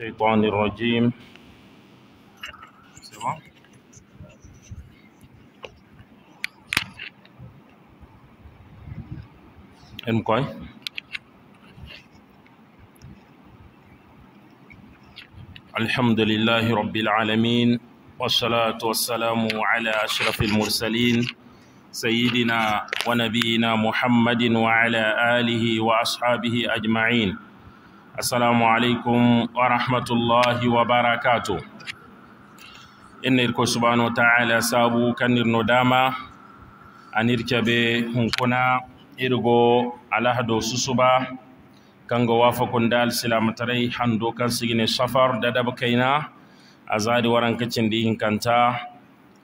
الشيطان الرجيم المقاي الحمد لله رب العالمين والصلاة والسلام على أشرف المرسلين سيدنا ونبينا محمد وعلى آله وأصحابه أجمعين assalamu alaikum wa rahmatullahi wa barakatu inna irko subhanahu wa ta'ala sabu kan no dama anirke be hunkuna irgo alahado Kan ga wafa kunda alsilamatarai hando kan gine safar da daba kaina a zari waran kacin yin kanta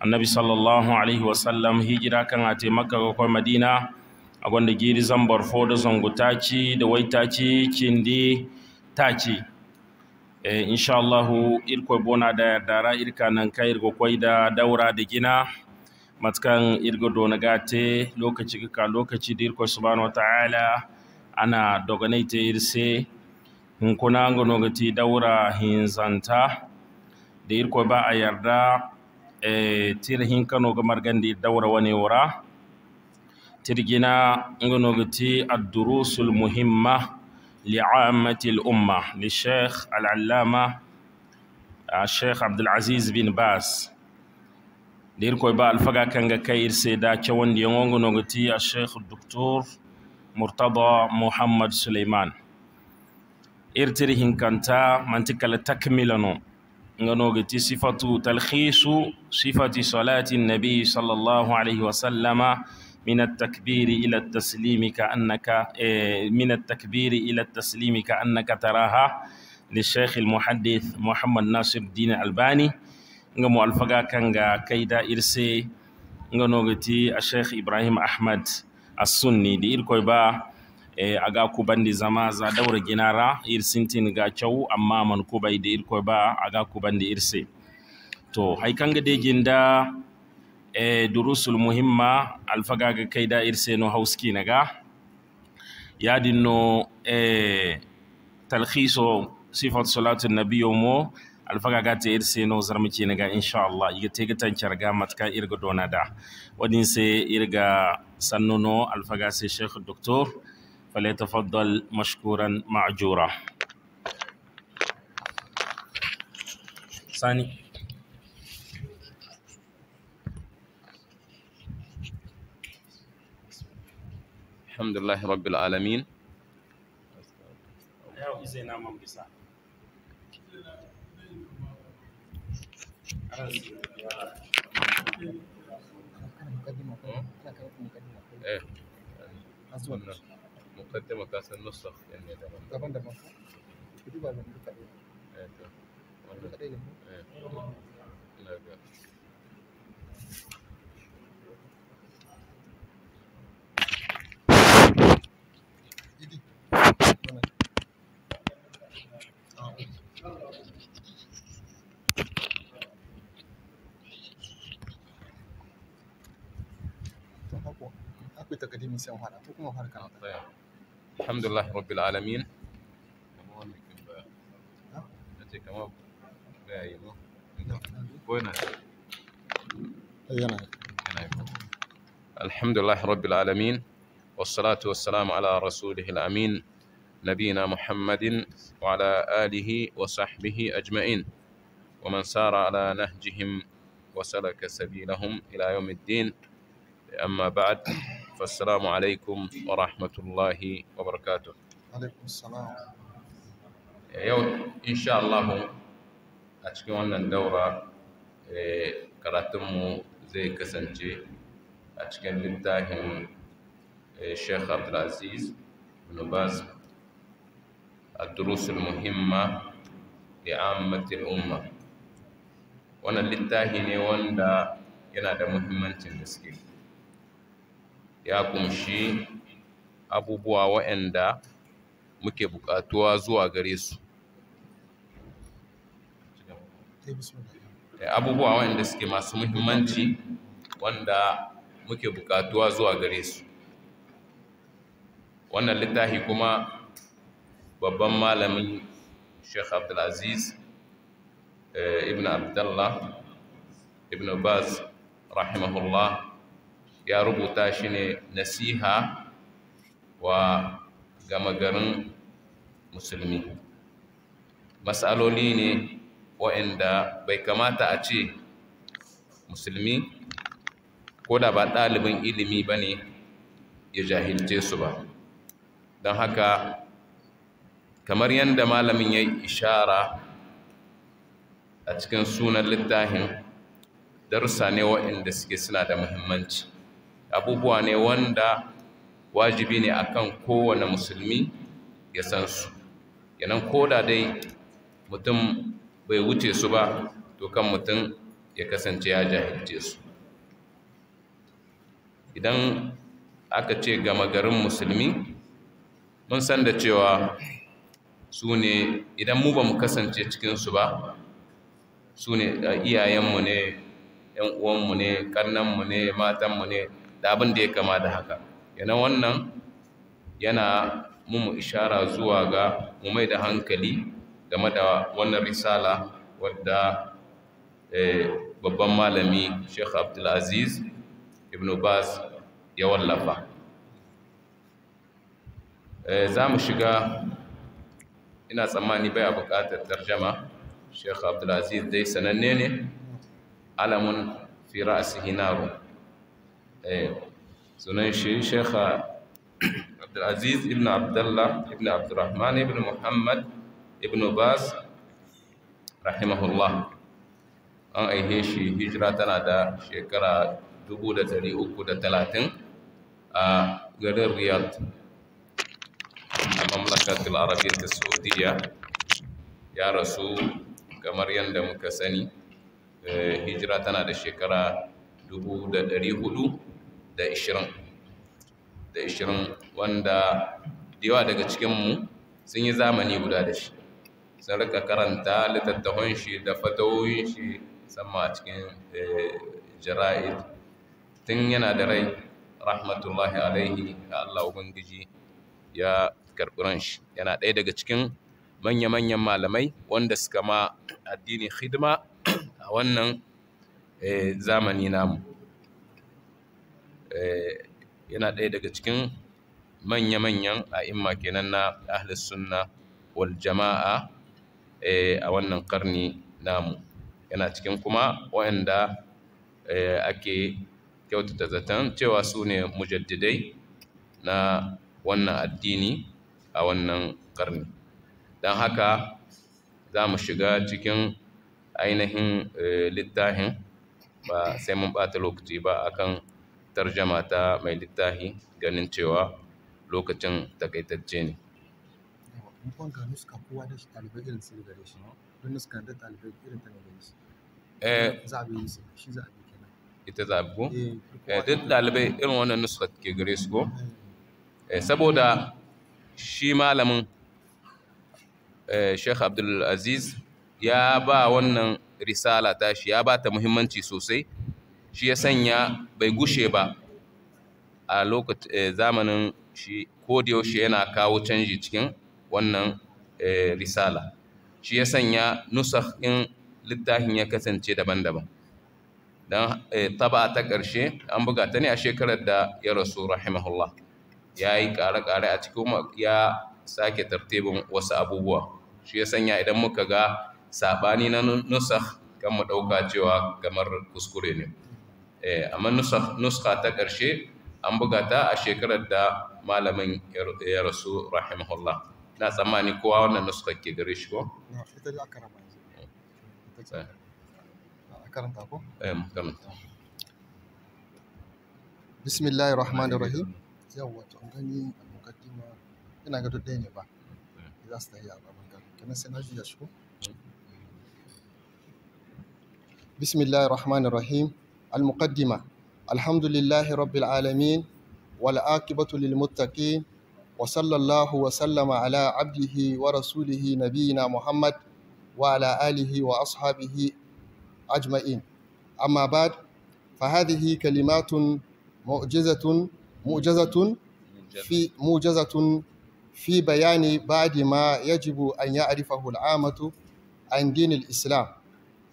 annabi sallallahu alaihi wa sallam. hijira kan a taimaka ga madina a gwanda giri zambar foda da zangutaci da waitaci cindi Ta ce. Eh, insha Allah irko bona da dara irka nan kai irgo koi da daura da gina matkan irgo dona gate lokaci ka lokaci da irko subhanahu wa ta'ala ana ta irse in kuna gano gati daura hinzanta da irko ba a yarda e eh, tirhin kano ga gandi daura wani wura tirgina gano gati ad-durusul muhimma لعامة الأمة للشيخ العلامة آه، الشيخ عبد العزيز بن باز دير كوي با الفقا كانغا كاير سيدا تشوان ديونغو الشيخ الدكتور مرتضى محمد سليمان إرتري كانتا منطقة تكملة نغنوغتي صفة تلخيص صفة صلاة النبي صلى الله عليه وسلم من takbiri إلى التسليم كأنك من التكبير إلى التسليم كأنك تراها للشيخ المحدث محمد ناصر الدين nga mo kanga kayda irse nga nogati a sheikh ibrahim ahmad as-sunni da irko ba e aga ku bandi zama za daura ginara irsintin ga kyau amma man ku bai irko ba aga ku bandi irse to hay kanga de jinda e durusul muhimma ga kai da alfagaga kayda irseno hawskinaga yadinno e talhiso sifat salatu nabiyo mo alfagaga te insha Allah yi iga tega tancarga matka irga donada wadin se irga sannono alfaga se doctor docteur tafaddal mashkuran ma'jura sani الحمد لله رب العالمين مقدمة إيه. كاس إيه. النسخ يعني طبعا ده الحمد لله رب العالمين. الحمد لله رب العالمين والصلاة والسلام على رسوله الأمين نبينا محمد وعلى آله وصحبه أجمعين ومن سار على نهجهم وسلك سبيلهم إلى يوم الدين أما بعد fassalamu alaikum wa rahmatullahi wa barakatuh eh, yau insha Allah a cikin wannan daura eh, karatunmu zai kasance a cikin littafin eh, sheikh abdulaziz bin baz الدروس المهمة لعامة الأمة wannan littafi ne wanda yana da muhimmancin gaske ya kumshi abubuwa waɗanda muke buƙatuwa zuwa gare su abubuwa waɗanda suke masu muhimmanci wanda muke buƙatuwa zuwa gare su wannan littafi kuma babban malamin sheikh abdulaziz eh, ibn abdullah ibn baz rahimahullah ya rubuta shi ne nasiha wa gama garin musulmi matsaloli ne waɗanda bai kamata a ce musulmi ko da ba ɗalibin ilimi ba ne ya jahilce su ba don haka kamar yadda malamin ya ishara a cikin sunan littafin darussa ne waɗanda suke suna da muhimmanci abubuwa ne wanda wajibi ne akan kowane musulmi ya san su yanan koda dai mutum bai wuce su ba to kan mutum ya kasance ya jahilce su idan aka ce gama garin musulmi mun san da cewa su ne idan mu ba mu kasance cikinsu ba su ne iyayenmu ne ‘yan uwanmu ne ƙarnanmu ne matanmu ne da abin da ya kama da haka yana wannan yana mu ishara zuwa ga mu mai da hankali game da wannan risala wadda eh, babban malami sheikh abdulaziz ibn bas ya wallafa eh, za mu shiga ina tsammani baya bukatar tarjama sheikh abdulaziz dai sananne ne alamun fi ra'asihi narun Eh, sunan shi shekha abdulaziz ibn abdullah ibn abdurrahman ibn muhammad ibn bas rahimahullah an aihe shi hijira tana da shekara 330 a garin riyadh a mamlakatul arabiyyar ta saudiya ya rasu kamar yadda muka sani eh, hijira tana da shekara 400 da ishirin da ishirin wanda yawa daga cikinmu sun yi zamani guda da shi sun rika karanta littattafan shi da fatawoyin shi sama a cikin eh, jara'id tun yana da rai rahmatullahi alaihi Allah Ubangiji ya karɓuran shi yana ɗaya daga cikin manya-manyan malamai wanda suka ma addini hidima a wannan eh, zamani namu Eh, yana ɗaya daga cikin manya-manyan a'imma kenan na ahlus sunna wal jama'a eh, a wannan karni namu yana cikin kuma waɗanda eh, ake kyautata zaton cewa su ne mujaddidai na wannan addini a wannan karni don haka za mu shiga cikin ainihin littafin ba sai mun ɓata lokaci ba akan tarjama ta mai littafi ganin cewa lokacin takaitacce ne ita za eh, eh, duk ɗalibai irin wannan nuska ke gare su ko eh. saboda shi malamin sheikh abdulaziz ya ba wannan risala tashi ya ba ta muhimmanci sosai shi ya sanya bai gushe ba a lokacin eh, zamanin shi yaushe yana kawo canji cikin wannan eh, risala shi ya sanya nusar in littafin ya kasance daban-daban don eh, taba ta ƙarshe an buga ta ne a shekarar da ya rasu rahimahullah ya yi ƙare-ƙare a cikin ya sake tartibin wasu abubuwa shi ya sanya idan muka ga saɓani na nusar kan mu ɗauka cewa kamar kuskure ne Eh, amma nuska ta ƙarshe an buga ta a shekarar da malamin ya rasu rahimahullah na tsammani kowa wannan nuska ke gare shi ko? ita da aka rama rahim yau wato an gani a mukaddima ina ga ɗaya ne ba eh. za su tafi a bangaren kenan sai na jiya shi ko hmm. bismillah ar-rahman rahmanir rahim المقدمة الحمد لله رب العالمين والعاقبة للمتقين وصلى الله وسلم على عبده ورسوله نبينا محمد وعلى آله وأصحابه أجمعين أما بعد فهذه كلمات معجزة معجزة في معجزة في بيان بعد ما يجب أن يعرفه العامة عن دين الإسلام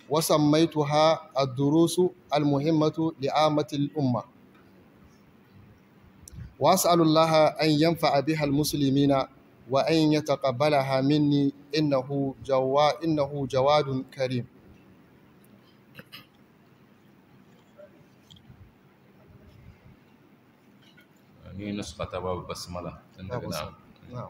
وسميتها الدروس المهمة لعامة الأمة وأسأل الله أن ينفع بها المسلمين وأن يتقبلها مني إنه جوا إنه جواد كريم ni nuska ta babu basmala tun daga na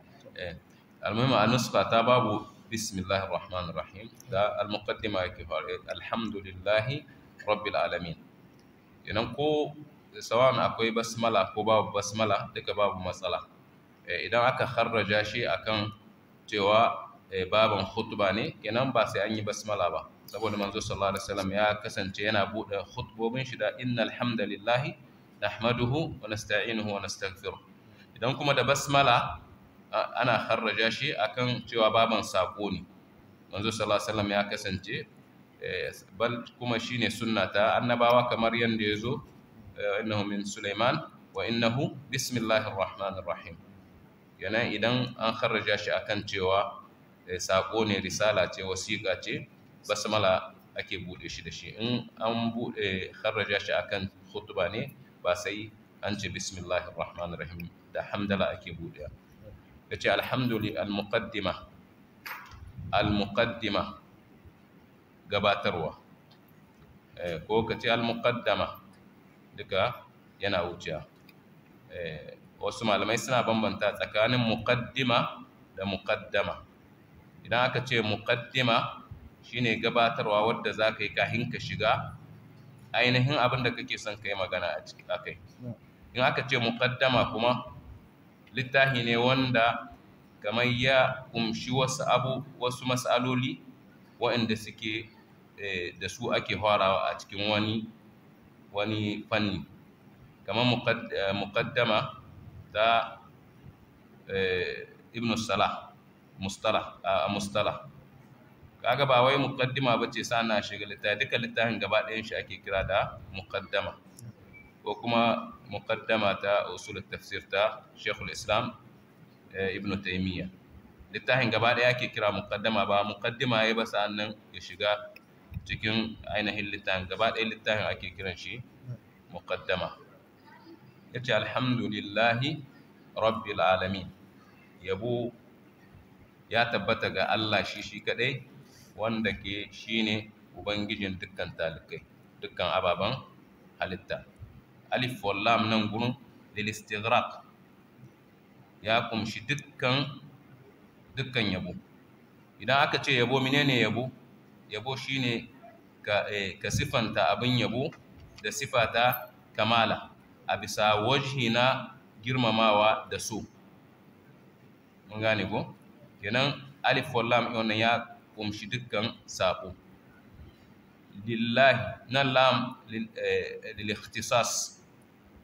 almuhimmin a nuska ta babu bismillahir rahmanir rahim da almuqaddima yake fara eh, alhamdulillahi rabbil alamin idan ko sawan akwai basmala ko babu basmala duka babu matsala eh, idan aka kharraja shi akan cewa eh, baban khutba ne kenan ba sai an yi basmala ba saboda manzo sallallahu alaihi wasallam ya kasance yana bude khutbobin shi da innal hamdalillahi nahmaduhu wa nasta'inuhu wa nastaghfiruh idan kuma da basmala ana harraja shi akan cewa baban sako ne manzo sallallahu ya kasance eh, bal kuma shine sunna ta annabawa kamar yanda yazo eh, innahu min Sulaiman wa innahu bismillahir rahmanir rahim yana idan an harraja shi akan cewa eh, sako ne risala ce wasiƙa ce basmala ake buɗe shi da shi in an buɗe harraja shi akan khutba ne ba sai an ce bismillahir rahmanir rahim da hamdala ake buɗe ka ce alhamdulillah al-muqaddima al-muqaddima gabatarwa eh, ko ka ce al-muqaddama duka yana wuciya eh, wasu malamai suna bambanta tsakanin muqaddima da muqaddama idan aka ce muqaddima shine gabatarwa wadda zaka ka yi kahin ka shiga ainihin abin da kake son kai magana a akai in aka ce muqaddama kuma littafi ne wanda kamar ya kumshi wasu abu wasu matsaloli waɗanda suke eh, da su ake farawa a cikin wani wani fanni kamar mukaddama eh, ta eh, ibn salah mustala a ah, mustala kaga ba wai mukaddama bace sana shiga littafi duka littafin gaba ɗayan shi ake kira da mukaddama ko kuma muqaddama ta usul tafsir ta Sheikhul Islam eh, Ibn Taymiyyah littafin gaba daya ake kira muqaddama ba muqaddima yayi ba sannan ya shiga cikin ainihin littafin gaba daya littafin ake kiran shi muqaddama yace alhamdulillahi rabbil alamin yabo ya tabbata ga Allah shi shi kadai wanda ke shi shine ubangijin dukkan talikai dukkan ababen halitta alif wallam nan gurin lil istighraq ya kumshi dukkan dukkan yabo idan aka ce yabo menene yabo yabo shine ka eh, ka sifanta abin yabo da sifata kamala a bisa wajhi na girmamawa da so mun gane ko kenan alif wallam wannan ya kumshi dukkan sako lillahi na lam lil eh, ikhtisas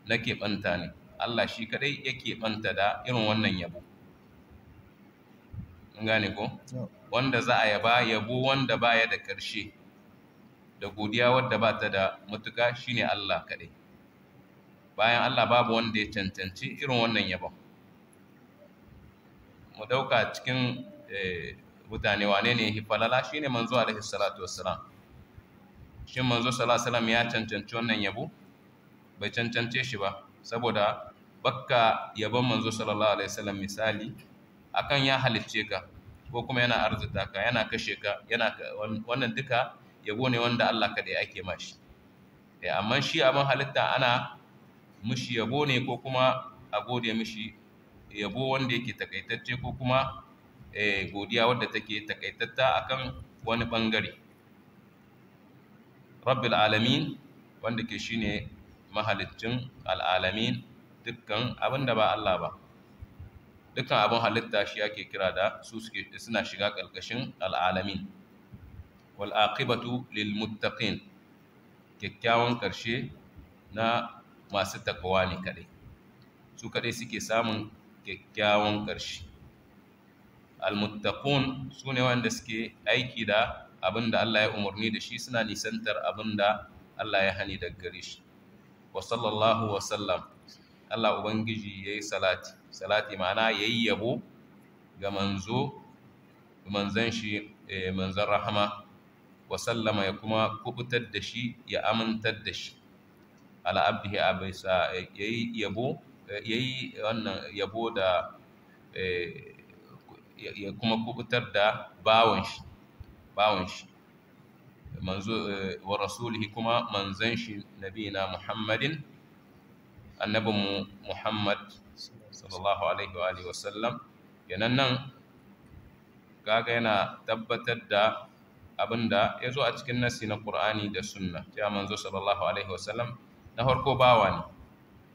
na keɓanta ne Allah shi kadai ya keɓanta da irin wannan yabo gane ko wanda za a yaba yabo wanda baya da ƙarshe da godiya wadda ba ta da matuka shine Allah kadai bayan Allah babu wanda ya cancanci irin wannan yabon mu dauka cikin eh, mutane wane ne hifalala shine manzo alaihi salatu wassalam shin manzo sallallahu alaihi wasallam ya cancanci wannan yabo bai cancance shi ba saboda bakka yabon manzo sallallahu alaihi wasallam misali akan ya halicce ka ko kuma yana arzuta ka yana kashe ka yana wannan duka yabo ne wanda Allah kaɗai ake mashi eh amma shi abin halitta ana mushi yabo ne ko kuma a gode mushi, yabo wanda yake takaitacce ko kuma eh godiya wanda take takaitatta akan wani bangare rabbil alamin wanda ke shine mahalicin al'alamin dukkan abin da ba Allah ba dukkan abin halitta shi ake kira da su suna shiga ƙarƙashin al'alamin wal lilmuttaƙin kyakkyawan ƙarshe na masu takawa ne kaɗai su kaɗai suke samun kyakkyawan ƙarshe almuttaƙun su ne wanda suke aiki da abin da Allah ya umarni da shi suna nisantar abin da Allah ya hani daga gare shi wa sallallahu wa sallam Allah ubangiji yayi salati salati ma'ana yayi yabo ga manzo manzan shi eh, manzan rahama wa sallama ya kuma kubutar da shi ya amintar da shi ala abdihi a bisa eh, yayi yabo eh, yayi wannan yabo da ya kuma kubutar da bawon shi bawon shi manzo eh, wa rasulihi kuma manzon shi nabina muhammadin annabin muhammad sallallahu alaihi wa alihi wasallam yanan nan kaga yana tabbatar da abinda ya zo a cikin nasi na qur'ani da sunna cewa manzo sallallahu alaihi wasallam na harko bawa ne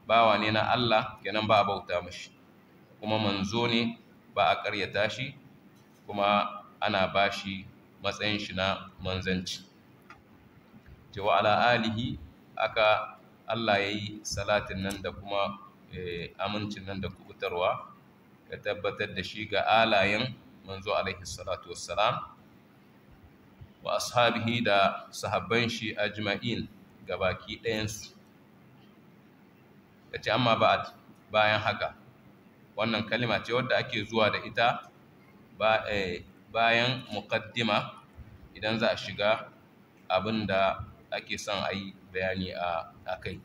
bawa ne na Allah kenan ba a bauta mashi kuma manzo ne ba a ƙaryata shi kuma ana bashi matsayin shi na manzanci ce wa ala alihi aka Allah ya yi salatin nan da kuma eh, amincin nan da kubutarwa ya tabbatar da shi ga alayen manzo alaihi salatu wassalam wa ashabihi da sahabban shi ajma'in gabaki ɗayansu ya ce amma ba'ad bayan haka wannan kalima ce wadda ake zuwa da ita eh, bayan muqaddima idan za a shiga abin da ake son a yi bayani a kai.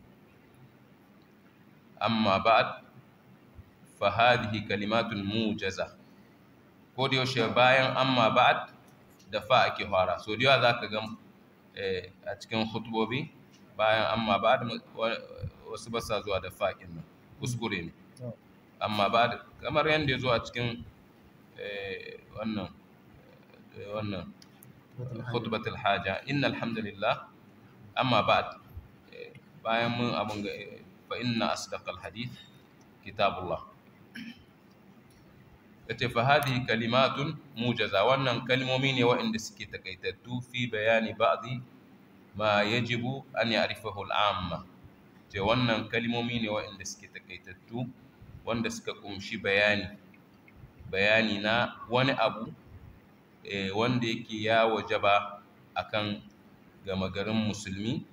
Amma ba'ad fa hadhihi mu jaza. ko da yaushe bayan amma ba'ad da fa ake fara so da yawa ka ga eh, a cikin hutubobi bayan amma ba'ad wasu ba sa zuwa da fa nan kuskure ne amma ba kamar yadda ya zo a cikin eh, wannan eh, wannan khutbatul haja inna alhamdulillah amma ba'd eh, bayan mun abun ga eh, fa inna asdaqal hadith kitabullah yace fa hadhihi kalimatun mujaza wannan kalmomi ne waɗanda suke takaitattu fi bayani ba'dhi ma yajibu an ya'rifahu al'amma ce wannan kalmomi ne waɗanda suke takaitattu wanda suka kumshi bayani bayani na wani abu eh, wanda yake ya wajaba akan gama garin musulmi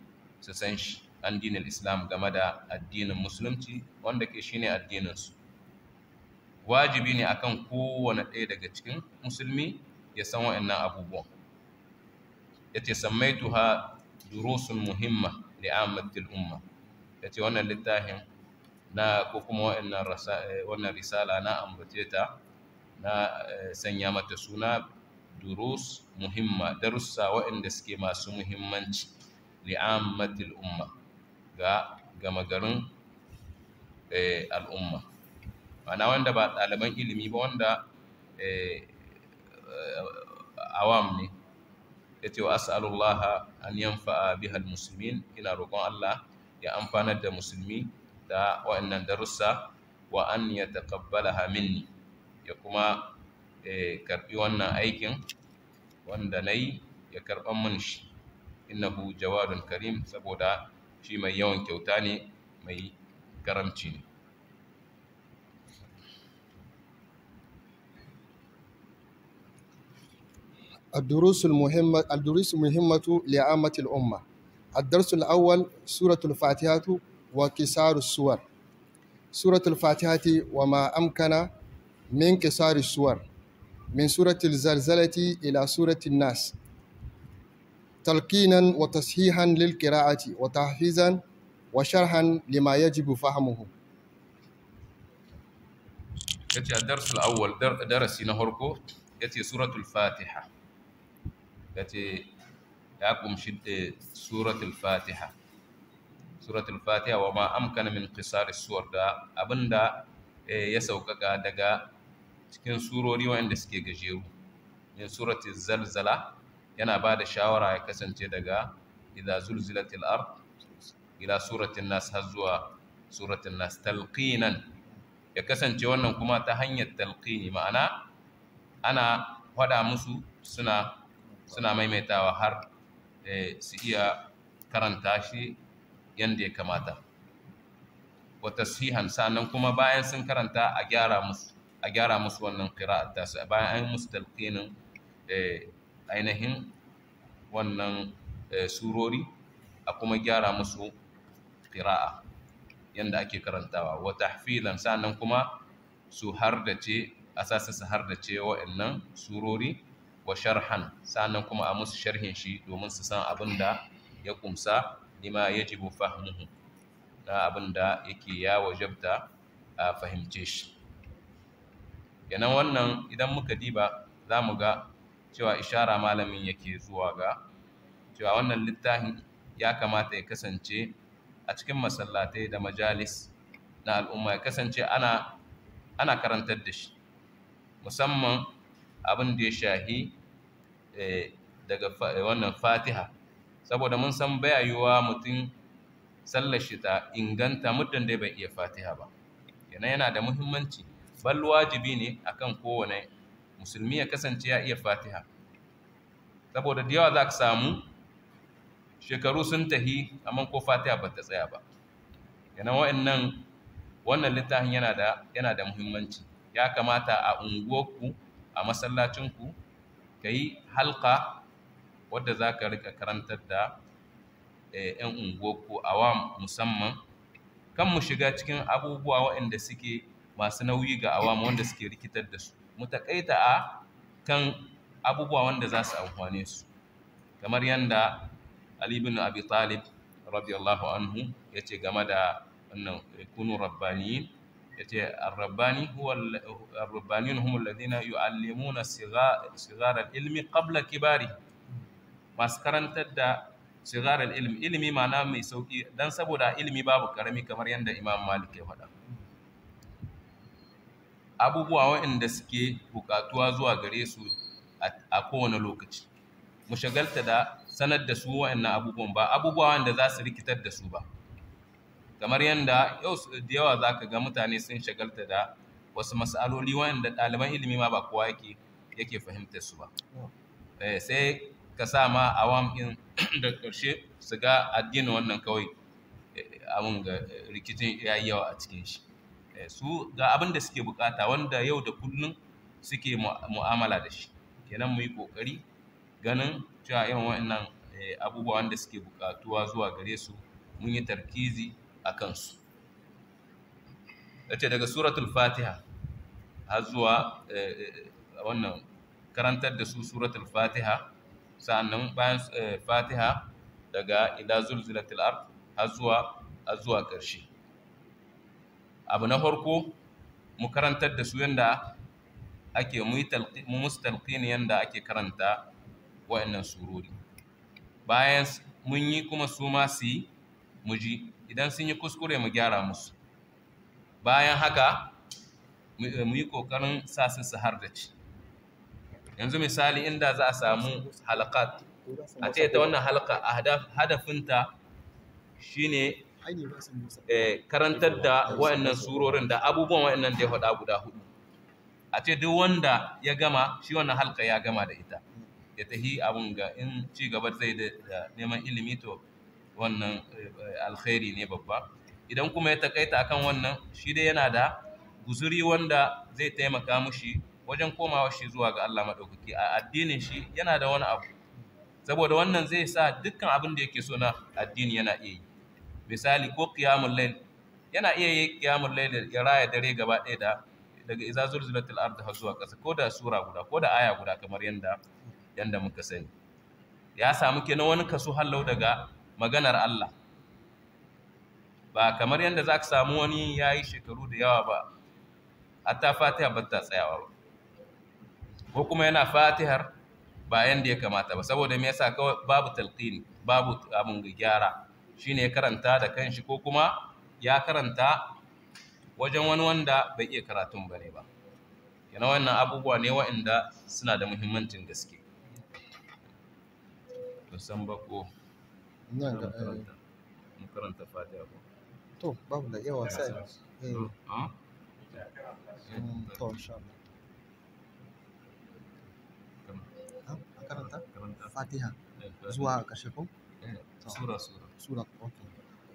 su san shi an islam game da addinin musulunci wanda ke shine addininsu wajibi ne akan kowane ɗaya daga cikin musulmi ya san wa'annan abubuwan ya ce sammaituha durusun muhimma li'ammatil umma ya ce wannan littafin na ko kuma eh, wannan risala na amurce ta na eh, sanya mata suna durus muhimma darussa waɗanda suke masu muhimmanci li'ammatil umma ga gama garin eh, al'umma ma'ana wanda ba ɗaliban ilimi ba wanda eh, awam ne ya ce wa as'alullah an yanfa'a bihal muslimin ina roƙon Allah ya amfanar da musulmi da waɗannan darussa wa an ya minni ya kuma karɓi wannan aikin wanda na yi ya karɓan mun shi innahu jawadun karim saboda shi mai yawan kyauta ne mai karamci ne الدروس المهمة الدروس المهمة لعامة الأمة الدرس الأول سورة الفاتحة وكسار السور سورة الفاتحة وما أمكن من كسار السور min suratul zalzalati ila suratul nas talqinan wa tashihan lil qira'ati wa tahfizan wa sharhan lima yajibu fahmuhu yace ad-dars al-awwal darasi na harko yace suratul fatiha yace ya kumshi eh, suratul fatiha suratul fatiha wa ma amkana min da abinda eh, ya sauƙaƙa daga cikin surori wanda suke gajeru ne surati zalzala yana ba da shawara ya kasance daga idza zulzilatil ard ila suratin nas har zuwa suratin nas talqinan ya kasance wannan kuma ta hanyar talqini ma'ana ana faɗa musu suna suna maimaitawa har eh, su iya karanta shi yadda ya kamata Wata sihan sannan kuma bayan sun karanta a gyara musu a gyara musu wannan qira'at ta su bayan an musu talqinin eh, ainihin wannan eh, surori a kuma gyara musu ƙira'a yanda ake karantawa wata filan sannan kuma su hardace a su hardace wa'annan surori wa sharhan sannan kuma a musu sharhin shi domin su san abin da ya kumsa lima yajibu fahmuhu na abin da yake ya wajabta a fahimce shi kenan wannan idan muka diba za mu ga cewa ishara malamin yake zuwa ga cewa wannan littafin ya kamata ya kasance a cikin masallatai da majalis na al'umma ya kasance ana ana karantar da shi musamman abin da ya shahi eh, daga wannan fatiha saboda mun san bayayuwa mutum sallar shi ta inganta muddin da bai iya fatiha ba yana yana da muhimmanci bal wajibi ne akan kowane musulmi ya kasance ya iya fatiha saboda da yawa za ka samu shekaru sun tahi amma ko fatiha ba ta tsaya ba yana wa'annan wannan littafin yana da da muhimmanci ya kamata a unguwarku a masallacinku ka yi halka wadda za ka rika karantar da 'yan eh, unguwarku a wa musamman kan mu shiga cikin abubuwa waɗanda suke masu nauyi ga awam wanda suke rikitar da su mu takaita a kan abubuwa wanda za su amfane su kamar yadda ali bin abi talib radiyallahu anhu ya ce game da wannan kunu rabbaniyin ya ce arrabbani arrabbaniyun humul ladina yu'allimuna sigarar ilmi qabla kibari masu karantar da sigarar ilmi ilmi ma'ana mai sauki dan saboda ilmi babu karami kamar yadda imam malik ya faɗa abubuwa waɗanda suke buƙatuwa zuwa gare su a kowane lokaci mu shagalta da sanar da su waɗannan abubuwan ba abubuwa wanda za su rikitar da su ba kamar yadda yau da yawa za ka ga mutane sun shagalta da wasu mas'aloli waɗanda ɗaliban ilimi ma ba kowa yake fahimtar su ba eh, sai ka sa ma awam ɗin da ƙarshe su ga addinin wannan kawai eh, abin ga eh, rikicin ya yawa a cikin shi Eh, su ga abin da suke bukata wanda yau da kullum suke mu'amala da shi kenan mu yi kokari ganin cewa irin wa'annan eh, abubuwa wanda suke bukatuwa zuwa gare su mun yi tarkizi a kansu ce daga suratul fatiha har zuwa eh, wannan karantar da su suratul fatiha sa'annan bayan fatiha daga ila zulzilatil ard har zuwa zuwa ƙarshe abu na farko mu karantar da su yanda ake mu musu yanda ake karanta wa'annan surori bayan mun yi kuma su ma su mu ji idan sun yi kuskure mu gyara musu bayan haka mu eh, yi ƙoƙarin sa su su ci yanzu misali inda za a samu halakat a ce ta wannan halaka a hadafinta shine Eh, karantar da wa'annan surorin da abubuwan wa'annan da ya faɗa guda hudu a ce duk wanda ya gama shi wannan halka ya gama da ita ya tahi abun ga in ci gaba zai da neman ilimi to wannan eh, alkhairi ne babba idan kuma ya takaita akan wannan shi dai yana da guzuri wanda zai taimaka mushi wajen komawa shi zuwa ga Allah maɗaukaki a addinin shi yana da wani abu saboda wannan zai sa dukkan abin da yake so na addini yana iya yi misali ko qiyamul layl yana iya yi qiyamul layl ya raya dare gaba ɗaya da daga iza zulzilatil ardi har zuwa ƙasa ko da sura guda ko da aya guda kamar yanda yanda muka sani ya samu kenan wani kaso hallau daga maganar Allah ba kamar yadda za ka samu wani ya yi shekaru da yawa ba hatta fatiha ba ta tsayawa ba ko kuma yana fatihar ba yadda ya kamata ba saboda me yasa kawai babu talqini babu abun gyara shine ya karanta da kanshi ko kuma ya karanta wajen wani wanda bai iya karatun ba ne ba yana wannan abubuwa ne wa'inda suna da muhimmancin gaske to san bako eh. karanta fatiha ko to babu da yawa sai eh. hmm? Hmm, to insha Allah karanta eh, fatiha zuwa ƙarshe ko sura sura sura okay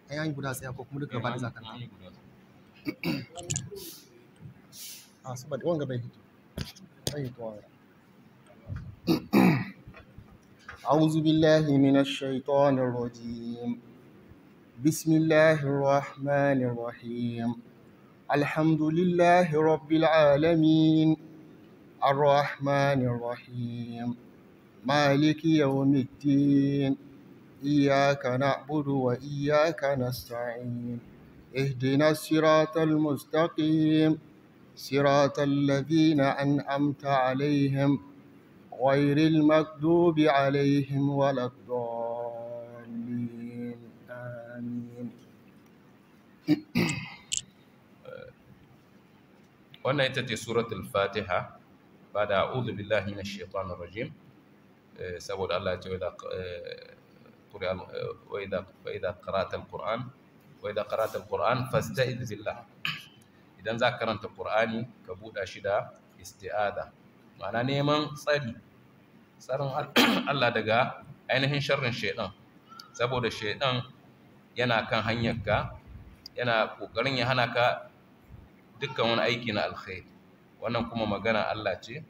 ai yayi guda tsaya ko kuma duka gaba da zaka ta a saboda wanga bai hito bai hito wanga أعوذ بالله من الشيطان الرجيم بسم الله الرحمن الرحيم الحمد لله رب العالمين الرحمن الرحيم مالك يوم الدين إياك نعبد وإياك نستعين اهدنا الصراط المستقيم صراط الذين أنعمت عليهم غير المكذوب عليهم ولا الضالين آمين وانا يتتي سورة الفاتحة بعد أعوذ بالله من الشيطان الرجيم أه، سبب الله تعالى أه، قرئ وإذا وإذا قرأت القرآن وإذا قرأت القرآن فاستعذ بالله إذا ذا قرأت القرآن كبود أشدا استعاذة معناه نيمان صدي tsarin Allah daga ainihin sharrin shaidan saboda shaidan yana kan hanyarka yana kokarin ya hana ka dukkan wani aiki na alkhairi wannan kuma magana Allah ce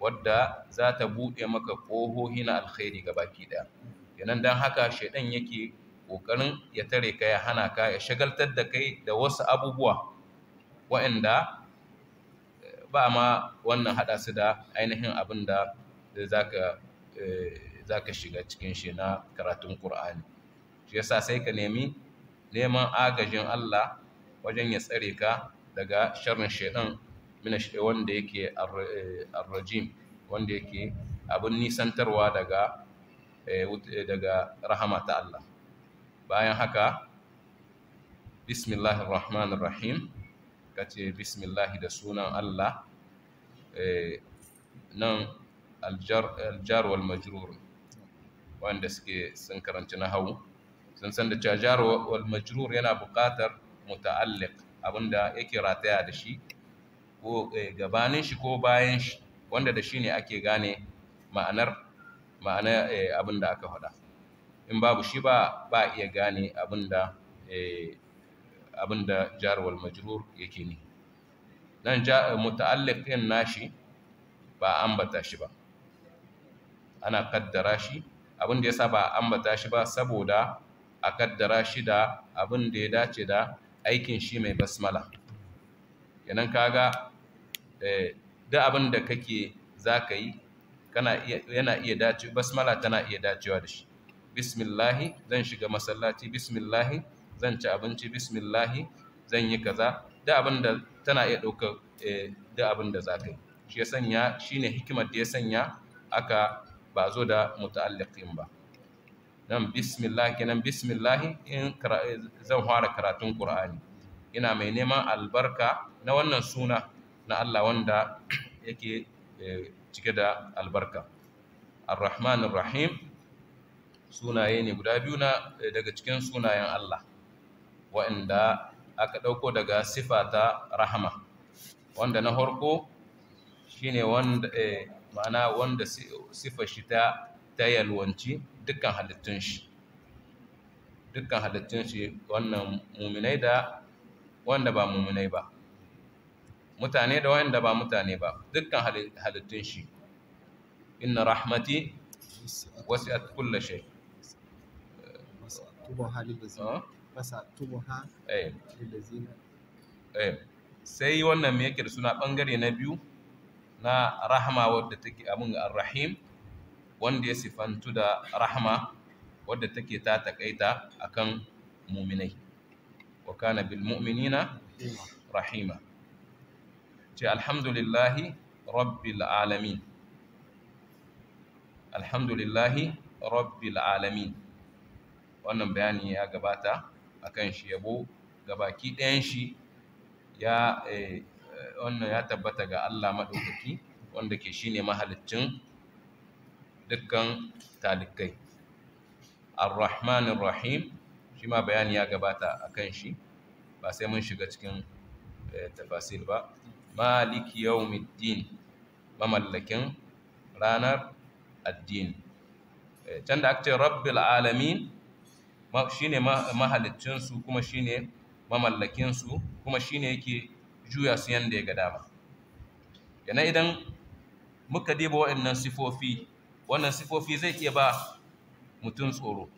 wadda za ta buɗe maka ƙohohi na alkhairi ga baki ɗaya kenan dan haka shaidan yake kokarin ya tare ka ya hana ka ya shagaltar da kai da wasu abubuwa waɗanda eh, ba ma wannan hada su da ainihin abin da eh, za ka shiga cikin shi na karatun ƙur'ani shi yasa sai ka nemi neman agajin Allah wajen ya tsare ka daga sharrin shaidan wanda yake eh, arrajim wanda yake abin nisantarwa daga Eh, eh, daga rahama ta Allah bayan haka bismillahir rahmanir rahim kace bismillahi da sunan Allah eh, nan aljar wal majrur wanda suke sun karanci hau, sun san da jar wal majrur yana buƙatar muta'alliq abinda yake rataya da shi ko gabanin shi ko bayan shi wanda da shi ne ake gane ma'anar ma'ana eh, abin da aka faɗa in babu shi ba ba iya gane abin da eh, abin da jarwal majrur yake ne dan muta'alliq din nashi ba ambata shi ba ana kaddara shi abin da yasa ba ambata shi ba saboda a kaddara shi da abin da ya dace da aikin shi mai basmala yanan kaga eh, duk abin da kake zaka yi yana iya dace basmala tana iya dacewa da shi bismillahi zan shiga masallaci bismillahi zan ci abinci bismillahi zan yi kaza da abin da tana iya ɗaukar eh, da abin da za ta yi shi ya sanya shi ne hikimar da ya sanya aka ba zo da muta'alliqin ba nan bismillahi kenan bismillahi in zan fara karatun qur'ani ina mai neman albarka na wannan suna na Allah wanda yake eh, cike da albarka ar-rahman rahim sunaye ne guda biyu na eh, daga cikin sunayen Allah wa'anda aka ɗauko daga sifata rahama wanda na harko shine wanda eh, ma'ana wanda sifar shi ta ta yalwanci dukkan halittun shi dukkan halittun shi wannan muminai da wanda ba muminai ba mutane da wayanda ba mutane ba dukkan halittun shi inna rahmati wasi'at kulli shay eh. eh. sai wannan me yake da suna bangare na biyu na rahama wadda take abin arrahim rahim wanda ya sifantu da rahama wadda take ta takaita akan muminai wa kana bil mu'minina rahima ce alhamdulillahi rabbil alamin alhamdulillahi rabbil alamin wannan bayani ya gabata a kan shi yabo gabaki ɗayan shi ya eh, wannan ya tabbata ga Allah maɗaukaki wanda ke shine mahalicin dukkan talikai ar rahim shi ma bayani ya gabata a kan shi ba sai mun shiga cikin eh, tafasil ba maliki yawmiddin mamallakin ranar addini eh, can da aka ce rabbil alamin shine mahalicin kuma shine mamallakin kuma shine yake juya su yanda ya ga dama yana idan muka diba wa'annan sifofi wannan sifofi zai iya ba mutum tsoro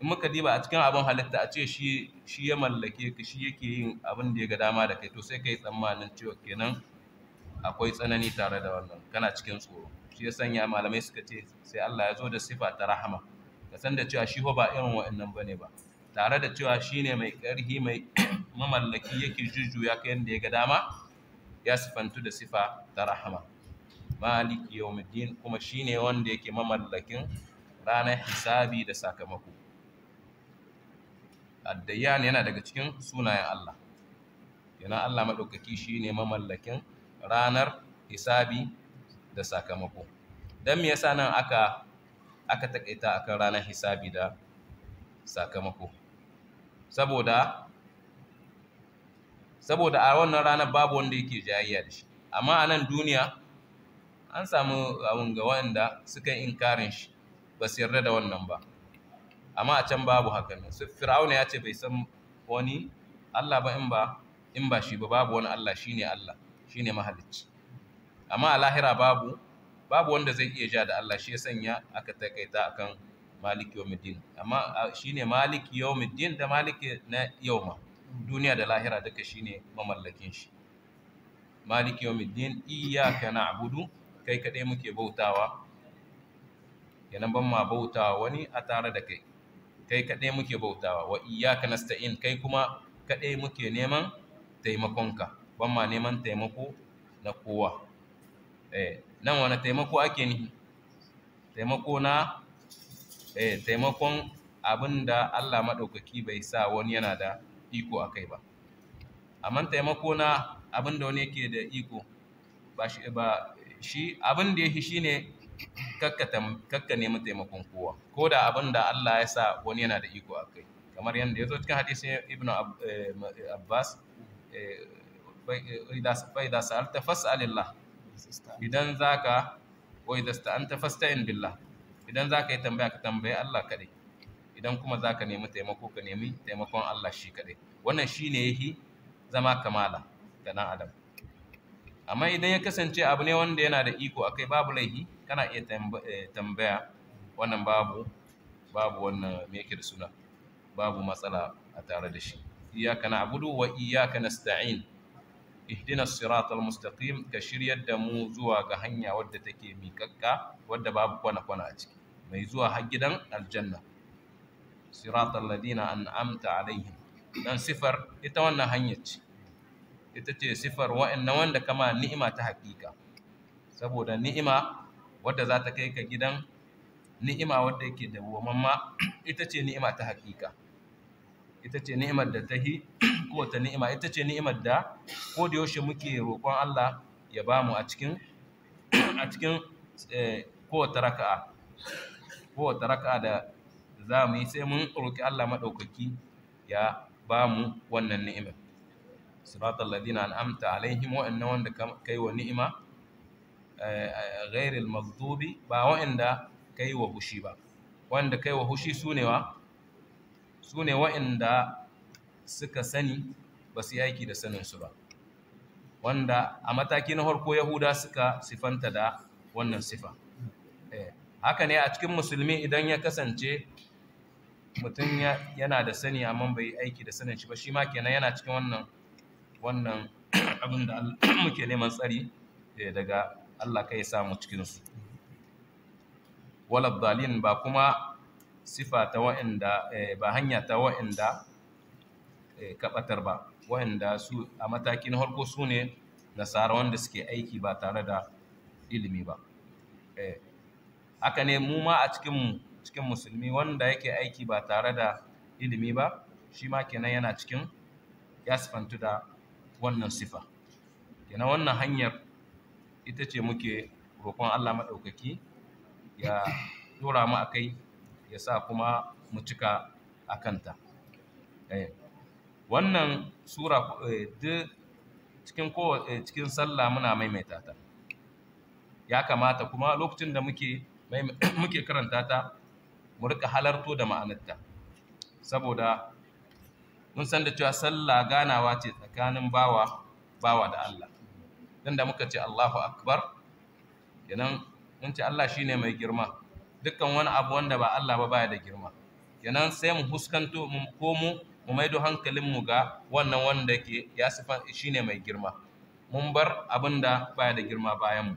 in muka diba a cikin abin halitta a ce shi shi ya mallake ka shi yake yin abin da ya ga dama da kai to sai kai tsammanin cewa kenan akwai tsanani tare da wannan kana cikin tsoro shi ya sanya malamai suka ce sai Allah ya zo da sifa ta rahama ka san da cewa shi ba irin wa'annan bane ba tare da cewa shi ne mai ƙarhi mai mamallaki yake jujjuya ka yadda ya ga dama ya sifantu da sifa ta rahama maliki yawmiddin kuma shi ne wanda yake mamallakin ranar hisabi da sakamako Addayyan yana daga cikin sunayen Allah yana Allah maɗaukaki shi ne mamallakin ranar hisabi da sakamako don me yasa nan aka aka taƙaita akan ranar hisabi da sakamako saboda saboda a wannan ranar babu wanda yake jayayya da shi amma a nan duniya an samu abin ga wanda suka yi inkarin shi ba su yarda da wannan ba amma a can babu hakan su fir'auna ya ce bai san wani Allah ba in ba in ba shi ba babu wani Allah shine Allah shine mahalicci amma a lahira babu babu wanda zai iya ja da Allah shi ya sanya aka takaita akan malik yawmiddin amma shine malik yawmiddin da malik na yawma duniya da lahira duka shine mamallakin shi malik yawmiddin iyyaka na'budu kai kadai muke bautawa kenan ban ma bautawa wani a tare da kai kai kaɗai muke bautawa wa iyyaka nasta'in kai kuma kaɗai muke neman taimakonka ban ma neman taimako na kowa eh, nan wani taimako ake ni taimako na eh, taimakon abin da Allah maɗaukaki bai sa wani yana da iko a kai ba amma taimako na abin da wani yake da iko ba shi abin da shi ne. kakka nemi taimakon kowa ko da abin da Allah ya sa wani yana da iko a kai kamar yadda ya zo cikin hadisin Ibn eh, abbas faida eh, sa'alta fas'alillah idan da wa ta sta'anta in billah idan ka yi tambaya ka tambaye Allah kaɗai. idan kuma za ka nemi taimako ka nemi taimakon Allah shi kaɗai. wannan shi ne yi zama kamala ga dan adam amma idan ya kasance abu ne wanda yana da iko akai babu laihi kana iya eh, tambaya wannan babu babu wannan me da suna babu matsala a tare da shi iyyaka na'budu wa iyyaka nasta'in ihdina siratal mustaqim ka shiryar da mu zuwa ga hanya wadda take miƙaƙƙa wadda babu kwana kwana a ciki mai zuwa har gidan aljanna siratal ladina an'amta alaihim dan sifar ita wannan hanyar ce ita ce sifar wa'annan wanda kama ni'ima ta haƙiƙa saboda ni'ima wadda za ta kai ka gidan ni'ima wadda yake dawwamamma ita ce ni'ima ta hakika ita ce ni'imar da ta hi ta ni'ima ita ce ni'imar da ko da yaushe muke roƙon Allah ya ba mu a cikin a cikin eh, kowace raka'a kowace raka'a da za mu yi sai mun roƙi Allah maɗaukaki ya ba mu wannan ni'imar siratal ladina an'amta alaihim wa'annan wanda kai wa ni'ima Eh, ghairil maghdubi ba wa'anda kai wa hushi ba wanda kai wa hushi sune sune suka sani ba su yaki da sanin su ba wanda a mataki na farko yahuda suka sifanta da wannan sifa eh, haka ne a cikin musulmi idan ya kasance mutum yana da sani amma bai aiki da sanin shi ba shi ma kenan yana cikin wannan wannan abin da muke neman tsari eh, daga Allah ka ya samu cikinsu wala dalin ba kuma sifa ta wa'inda eh, ba hanya ta wa'inda eh, kaɓatar ba wa'inda su a matakin harko su ne nasara wanda suke aiki ba tare da ilimi ba eh, haka ne mu ma a cikin cikin musulmi wanda yake aiki ba tare da ilimi ba shi ma kenan yana cikin ya sifantu da wannan sifa kenan wannan hanyar ita ce muke roƙon Allah maɗaukaki ya tura mu a kai ya sa kuma mu cika a kanta eh, wannan sura eh, duk cikin eh, cikin sallah muna maimaita ta ya kamata kuma lokacin da muke karanta ta mu rika halarto da ma'anarta saboda mun san da cewa sallah ganawa ce tsakanin bawa bawa da Allah dan da muka ce Allahu akbar kenan mun ce Allah shine mai girma dukkan wani abu wanda ba Allah ba baya da girma kenan sai mu huskanto mu komo mu maido hankalinmu ga wannan wanda ke ya sifa shine mai girma mun bar abin da baya da girma bayan mu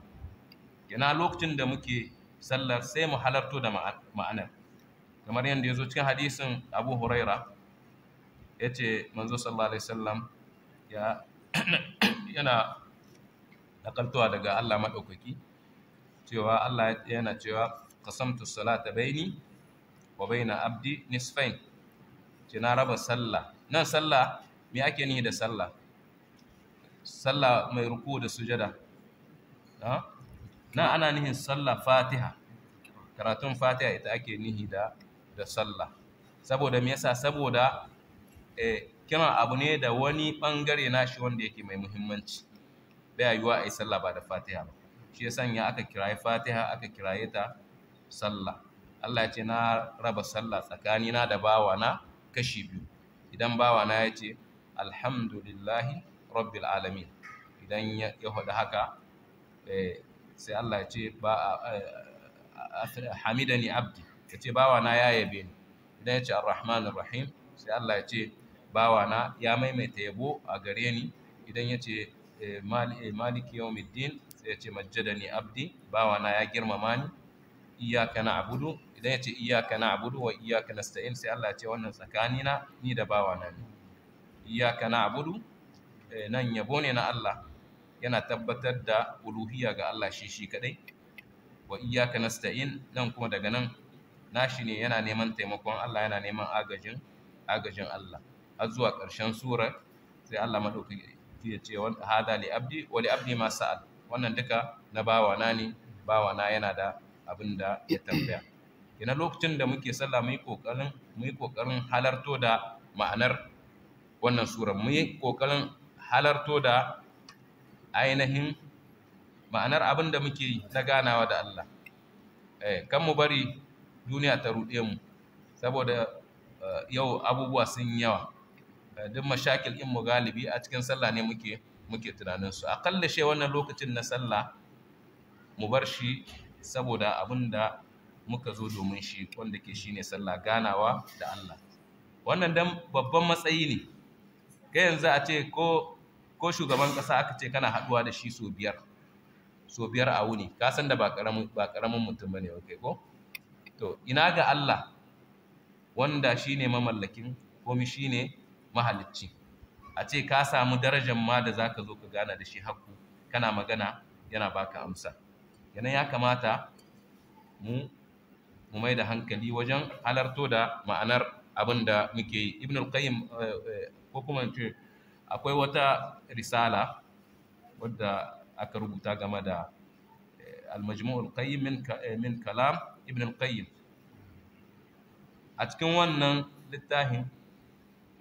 kenan lokacin da muke sallar sai mu halarto da ma'anar kamar yadda ya zo cikin hadisin abu huraira ya ce manzo sallallahu alaihi wasallam yana nakaltuwa daga Allah maɗaukaki cewa Allah yana cewa kasamtu salata baini wa baina abdi nisfain ce na raba sallah nan sallah me ake ni da sallah sallah mai ruku da sujada nan ana nihin sallah fatiha karatun fatiha ita ake nihi da da sallah saboda me yasa saboda eh, kiran abu ne da wani bangare nashi wanda yake mai muhimmanci bai yiwuwa a yi sallah ba da fatiha ba shi ya sanya aka kiraye fatiha aka kiraye ta sallah Allah ya ce na raba sallah tsakani na da bawana kashi biyu idan bawana ya ce alhamdulillahi rabbil alamin idan ya hudu haka eh, sai Allah ya ce ba eh, hamidani abdi ya ce bawana ya yabe ni idan ya ce arrahmanir rahim sai Allah ya ce bawana ya maimaita yabo a gare ni idan ya ce Eh, eh, maliki yawmiddin sai ya ce ni abdi bawana ya girmama ni na abudu." idan ya ce "Iyaka na abudu", wa iyaka na sta'in sai Allah ya ce wannan tsakani na ni da bawana ne na abudu eh, nan yabo ne na Allah yana tabbatar da uluhiyya ga Allah shi shi kadai wa na sta'in nan kuma daga nan nashi ne yana neman taimakon Allah yana neman agajin agajin Allah har zuwa ƙarshen sura sai Allah madaukaki ya ce hada li abdi wa li abdi ma sa'al wannan duka na bawana ne bawana yana da abin da ya tambaya ina lokacin da muke sallah mu yi kokarin mu yi kokarin halarto da ma'anar wannan sura mu yi kokarin halarto da ainihin ma'anar abin da muke yi na ganawa da Allah eh kan mu bari duniya ta ruɗe mu saboda eh, yau abubuwa sun yawa duk mashakil in mugalibi a cikin sallah ne muke muke tunanin su akalla shi wannan lokacin na sallah mu bar shi saboda abin da muka zo domin shi wanda ke shine sallah ganawa da Allah wannan dan babban matsayi ne ga yanzu a ce ko ko shugaban kasa aka ce kana haɗuwa da shi so biyar so biyar a wuni ka san da ba karamin ba karamin mutum bane kai ko to ina ga Allah wanda shine mamallakin komai shine mahalicci a ce ka samu darajar ma da za ka zo ka gana da shi hakku kana magana yana baka amsa yana ya kamata mu mu mai da hankali wajen halarto da ma'anar abin da muke yi ibn al-qayyim eh, eh, ko kuma ce akwai wata risala wadda aka rubuta game da eh, al-majmu' al-qayyim min min kalam ibn al-qayyim a cikin wannan littafin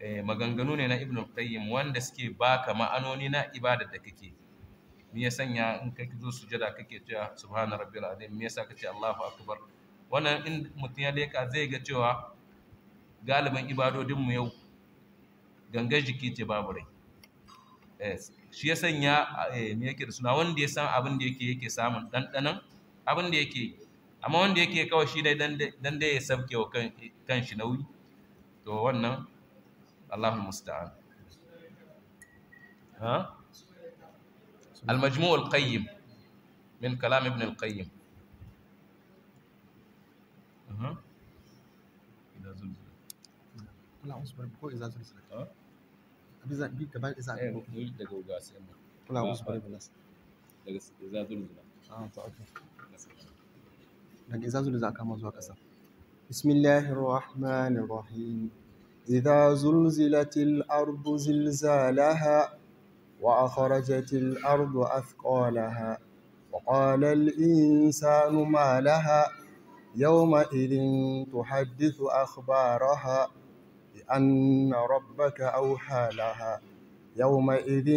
Eh, maganganu ne na ibn qayyim wanda suke baka ma'anoni na ibadar da kake me ya sanya in ka zo sujada kake cewa subhana rabbil azim me yasa kace allahu akbar wannan in mutum ya leka zai ga cewa galibin ibadodin mu yau gangar jiki ce babu rai shi ya sanya eh, me yake da suna wanda ya san abin da yake yake samun dandanan abin da yake amma wanda yake kawai shi dai dan dai ya sabke wa kan shi nauyi to wannan الله المستعان ها المجموع القيم من كلام ابن القيم ها إذا زلزلت لا أصبر بكو إذا زلزلت أه؟ إذا بي كمان إذا إيه ممكن دقوا قاسي لا أصبر بالناس إذا زلزلت آه طيب إذا زلزلت كم زوا كسر بسم الله الرحمن الرحيم إذا زلزلت الأرض زلزالها وأخرجت الأرض أثقالها وقال الإنسان ما لها يومئذ تحدث أخبارها بأن ربك أوحى لها يومئذ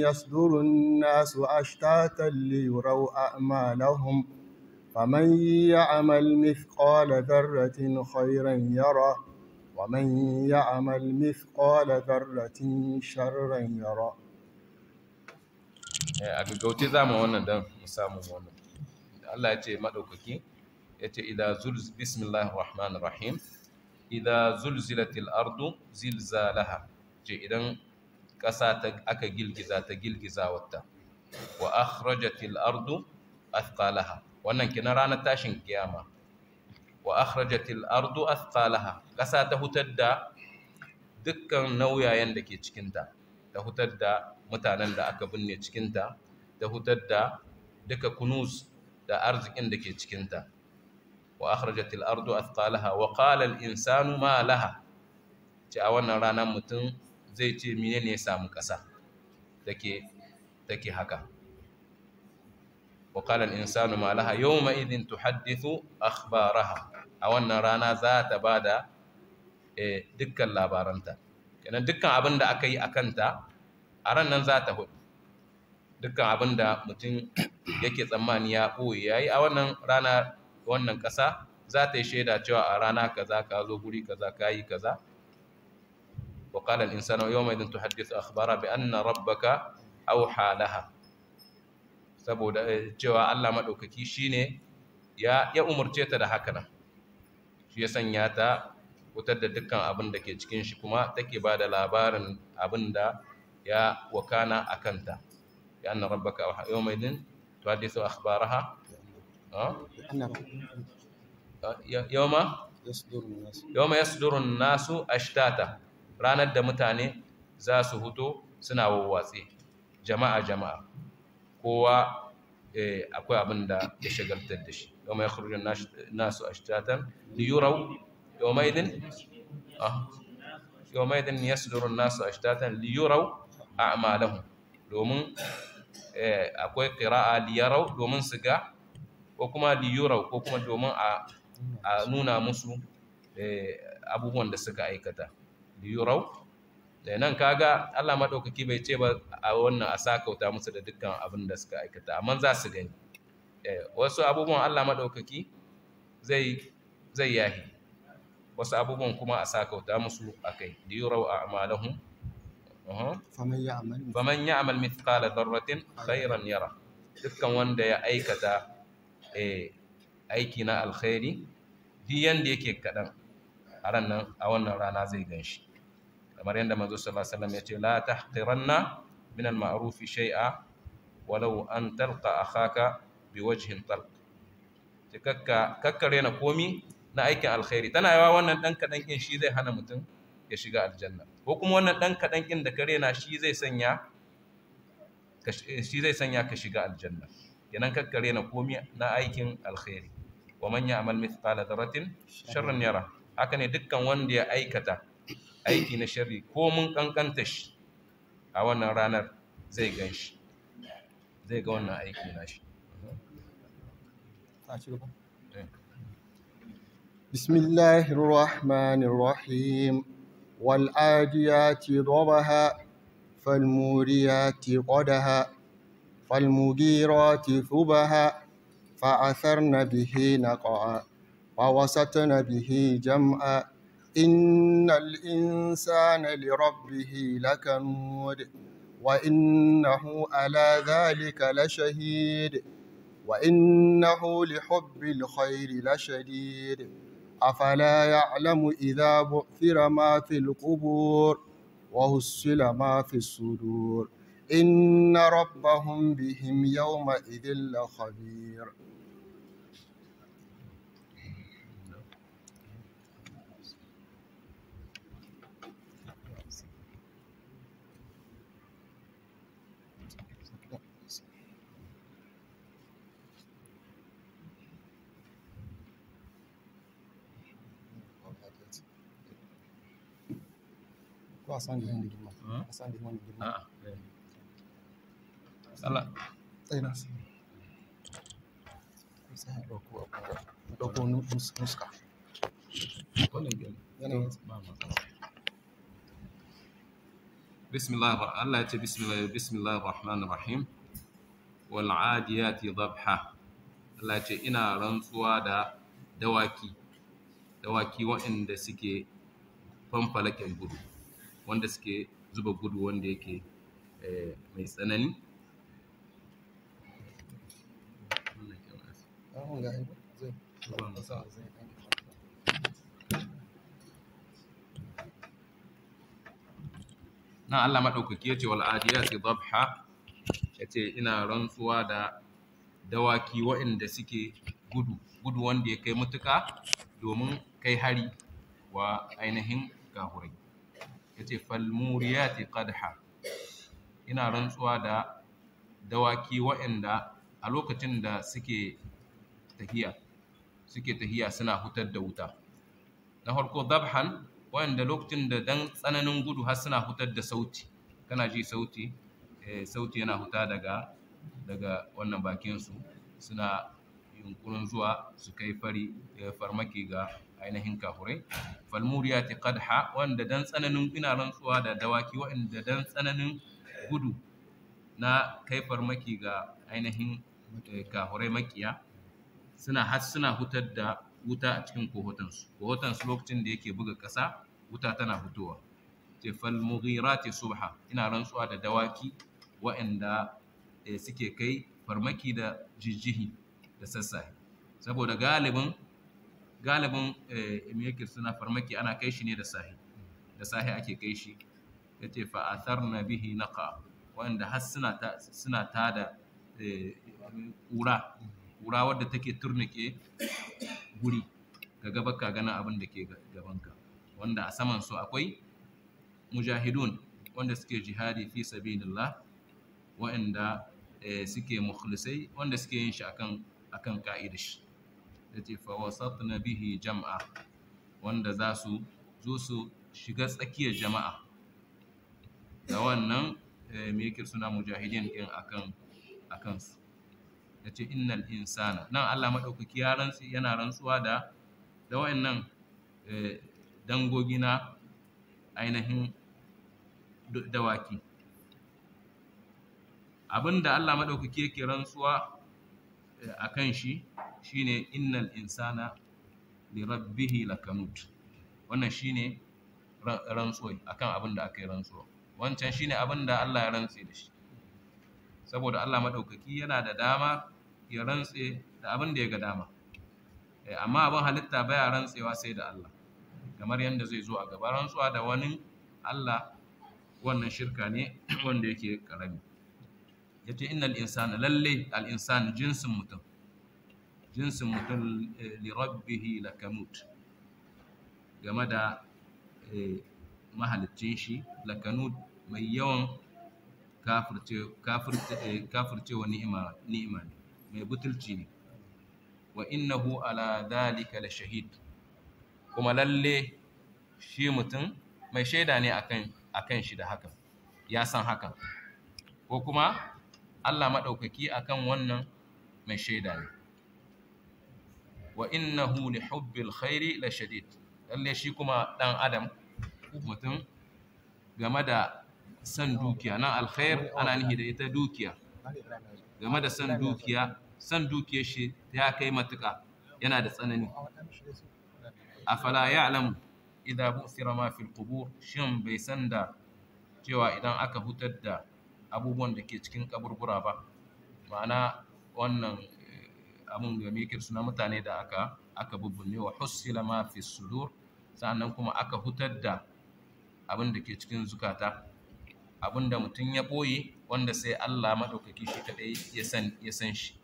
يصدر الناس أشتاتا ليروا أعمالهم فمن يعمل مثقال ذرة خيرا يره ومن يعمل مثقال ذرة شرا يرى eh, a gaggauce za mu wannan don mu samu wannan Allah ya ce maɗaukaki ya ce idha zulz bismillahir rahmanir rahim idha zulzilatil ardu zilzalaha ce idan ƙasa ta aka gilgiza ta gilgiza wata wa akhrajatil ardu athqalaha wannan kina ranar tashin kiyama wa akhrajatil ardu athqalaha ƙasa ta hutar da dukkan nauyayen da ke cikinta ta hutar da mutanen da aka binne cikinta ta hutar da duka kunus da arzikin da ke cikinta wa akhrajatil ardu athqalaha wa qala al insanu ma laha ce a wannan rana mutum zai ce menene ya samu ƙasa take take haka wa qala al insanu ma laha yawma idhin a wannan rana za ta ba da eh, dukkan labaranta kenan dukkan abin da aka yi a kanta a ran nan za ta hudu dukkan abin da mutum yake tsammani ya ɓoye ya yi a wannan rana wannan ƙasa za ta yi shaida cewa a rana kaza ka zo guri kaza ka yi kaza wa qala al-insanu yawma idin tuhaddithu akhbara bi anna rabbaka auha laha saboda eh, cewa Allah maɗaukaki shine ya ya umarce ta da haka nan shi ya sanya ta wutar da dukkan abin da ke cikin shi kuma take ba da labarin abin da ya wakana a kanta ya anna rabbaka wa yau mai din ha? yau ma? yau ma nasu ashtata ranar da mutane za su hutu suna wawwatse jama'a jama'a kowa eh, akwai abin da ya shagaltar da shi يوم يخرج الناس الناس اشتاتا ليروا يومئذ يومئذ يصدر الناس اشتاتا ليروا اعمالهم دومن akwai قراءه ليروا دومن سغا ga ko kuma liyurau ko kuma domin a nuna musu abubuwan da suka aikata liyurau da nan kaga Allah maɗaukaki bai ce ba a wannan a sa kauta musu da dukkan abin da suka aikata amma za su gani Eh, wasu abubuwan Allah maɗaukaki zai yahi wasu abubuwan kuma a sa kauta musu a kai da yi rau a amalahun uh-huh. faman ya amal mithqala darratin khairan yara dukkan wanda ya aikata eh, aiki na alkhairi diyan da yake kaɗan a ranar a wannan rana zai gan shi kamar yadda manzo sallallahu ya ce la tahqiranna min al-ma'ruf shay'a walau an talqa akhaka bi wajhin talq kakka kakkare na komi na aikin alkhairi tana yawa wannan dan kadan kin shi zai hana mutum ya shiga aljanna ko kuma wannan dan kadan kin da kare na shi zai sanya eh, shi zai sanya ka shiga aljanna kenan kakkare na komi na aikin alkhairi wa man ya'mal mithqala dharratin sharran yara haka ne dukkan wanda ya aikata aiki na sharri ko mun kankanta shi a wannan ranar zai gan shi zai ga wannan aiki na shi إيه. بسم الله الرحمن الرحيم والعاديات ضبها فالموريات قدها فالمجيرات ثبها فعثرن به نقعا ووسطن به جمعا إن الإنسان لربه لكنود وإنه على ذلك لشهيد وإنه لحب الخير لشديد أفلا يعلم إذا بعثر ما في القبور وهسل ما في الصدور إن ربهم بهم يومئذ لخبير asante Mungu Juma. Asante Mungu Juma. Sala. Tsaina. Sai dauko dauko nuska. بسم الله الله يتي بسم الله بسم الله الرحمن الرحيم والعاديات ضبحا الله يتي ina rantsuwa da dawaki dawaki waɗanda suke fanfalakin gudu wanda suke zuba gudu wanda yake eh, mai tsanani na Allah maɗaukaki ya ce wal'adiya su zabha ya ce ina rantsuwa da dawaki waɗanda suke gudu gudu wanda ya kai mutuka domin kai hari wa ainihin gahurai yace falmuriyati qadha ina rantsuwa da dawaki waɗanda a lokacin da suke tahiya suke tahiya suna hutar da wuta na farko dabhan waɗanda lokacin da dan tsananin gudu har suna hutar da sauti kana ji sauti eh, sauti yana huta daga daga wannan bakinsu suna yunkurin zuwa su kai fari eh, farmaki ga ainihin kahurai falmuriyati qadha wanda dan tsananin ina rantsuwa da dawaki wanda dan tsananin gudu na kai farmaki ga ainihin eh, kahurai makiya suna har suna hutar da wuta a cikin kohotansu kohotansu lokacin da yake buga ƙasa wuta tana hutowa ce falmughirati subha ina rantsuwa da dawaki waɗanda eh, suke kai farmaki da jijjihi da sassa saboda galibin galibin eh, emekir suna farmaki ana kai shi ne da sahi da sahi ake kai shi ya ce fa'athar na bihi naka wanda har suna ta da ƙura eh, ƙura wadda take turnike guri ga gaba ka gana abin da ke gabanka wanda a saman su akwai mujahidun wanda suke jihadi fi sabilillah wa'anda eh, suke mukhlisai wanda suke yin shi akan akan ka'idar shi da ce fawasat na bihi jama'a wanda za su zo su shiga tsakiyar jama'a da wannan eh, me yake suna mujahidin din akan akan su yace innal insana nan Allah madaukaki ya yana rantsuwa da da wayannan eh, dangogi na ainihin dawaki abinda Allah madaukaki yake rantsuwa eh, akan shi shine innal insana li rabbihi lakanut wannan shine rantsuwa akan abin da aka yi rantsuwa wancan shine abin da Allah ya rantse da shi saboda Allah madaukaki yana da dama ya rantse da abin da ya ga dama eh, amma abin halitta baya rantsewa sai da Allah kamar yadda zai zo a gaba rantsuwa da wani Allah wannan shirka ne wanda yake karami yace innal insana lalle al insan jinsin mutum jinsin mutum eh, lirabbihi lakanut game da eh, mahalicin shi la lakanut mai yawan eh, kafircewa ni'ima ne mai butulci ne wa innahu ala dalika la shahid kuma lalle shi mutum mai shaida ne a kan shi da hakan ya san hakan ko kuma Allah maɗaukaki akan wannan mai shaida ne wa innahu li hubbil khairi la shadid lalle shi kuma dan adam mutum game da san dukiya nan alkhair ana nihi da ita dukiya game da san dukiya san dukiya shi ya kai matuka yana da tsanani afala ya'lamu idza bu'thira ma fil qubur shin bai san da cewa idan aka hutar da abubuwan da ke cikin kaburbura ba ma'ana wannan abin da yake suna mutane da aka aka bubbune wa hussila ma fi sudur sannan kuma aka hutar da abin da ke cikin zukata abin da mutum ya ɓoye wanda sai Allah madaukaki shi kaɗai ya san shi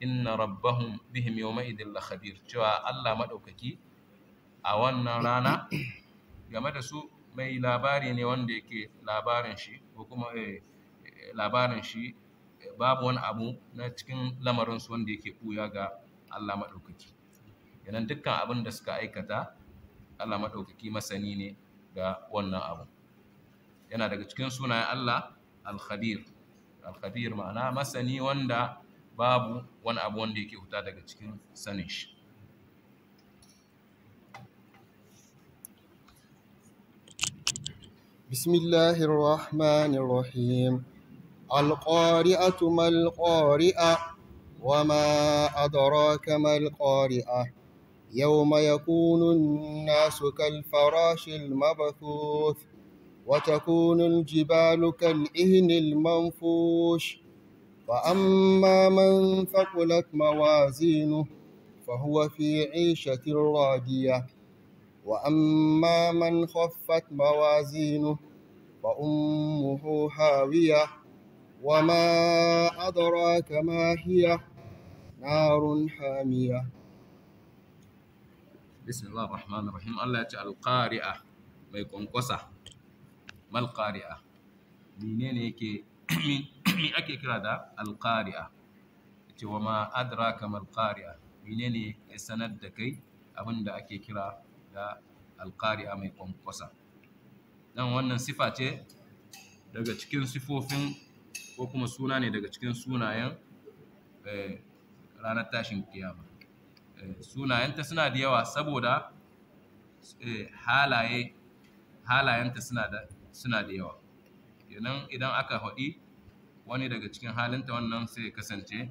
inna rabbahum bihim yawma idin la khabir cewa Allah maɗaukaki a wannan rana game da su mai labari ne wanda yake labarin shi ko kuma eh, eh, labarin shi babu wani abu na cikin lamarinsu wanda yake ɓuya ga Allah maɗaukaki yanan dukkan abin da suka aikata Allah maɗaukaki masani ne ga wannan abu yana daga cikin sunayen Allah al-khabir al-khabir ma'ana masani wanda babu wani abu wanda yake huta daga cikin sanin shi بسم الله الرحمن القارئة ما القارئة وما أدراك ما القارئة يوم يكون الناس كالفراش المبثوث وتكون الجبال كالإهن المنفوش فأما من ثقلت موازينه فهو في عيشة راضية وأما من خفت موازينه فأمه هاوية وما أدراك ما هي نار حامية بسم الله الرحمن الرحيم الله تعالى القارئة ما يكون قصة ما القارئة منين يكي من أكي كرادا القارئة وما أدراك ما القارئة منين يسند دكي أبن دا أكي كرا دا القارئة ما يكون قصة نعم وانا صفاتي دقا تكين صفوفين ko kuma suna ne daga cikin sunayen eh, ranar tashin kiyama eh, sunayenta suna da yawa saboda eh, halaye halayenta suna da yawa kenan idan aka haɗi wani daga cikin halinta wannan sai kasance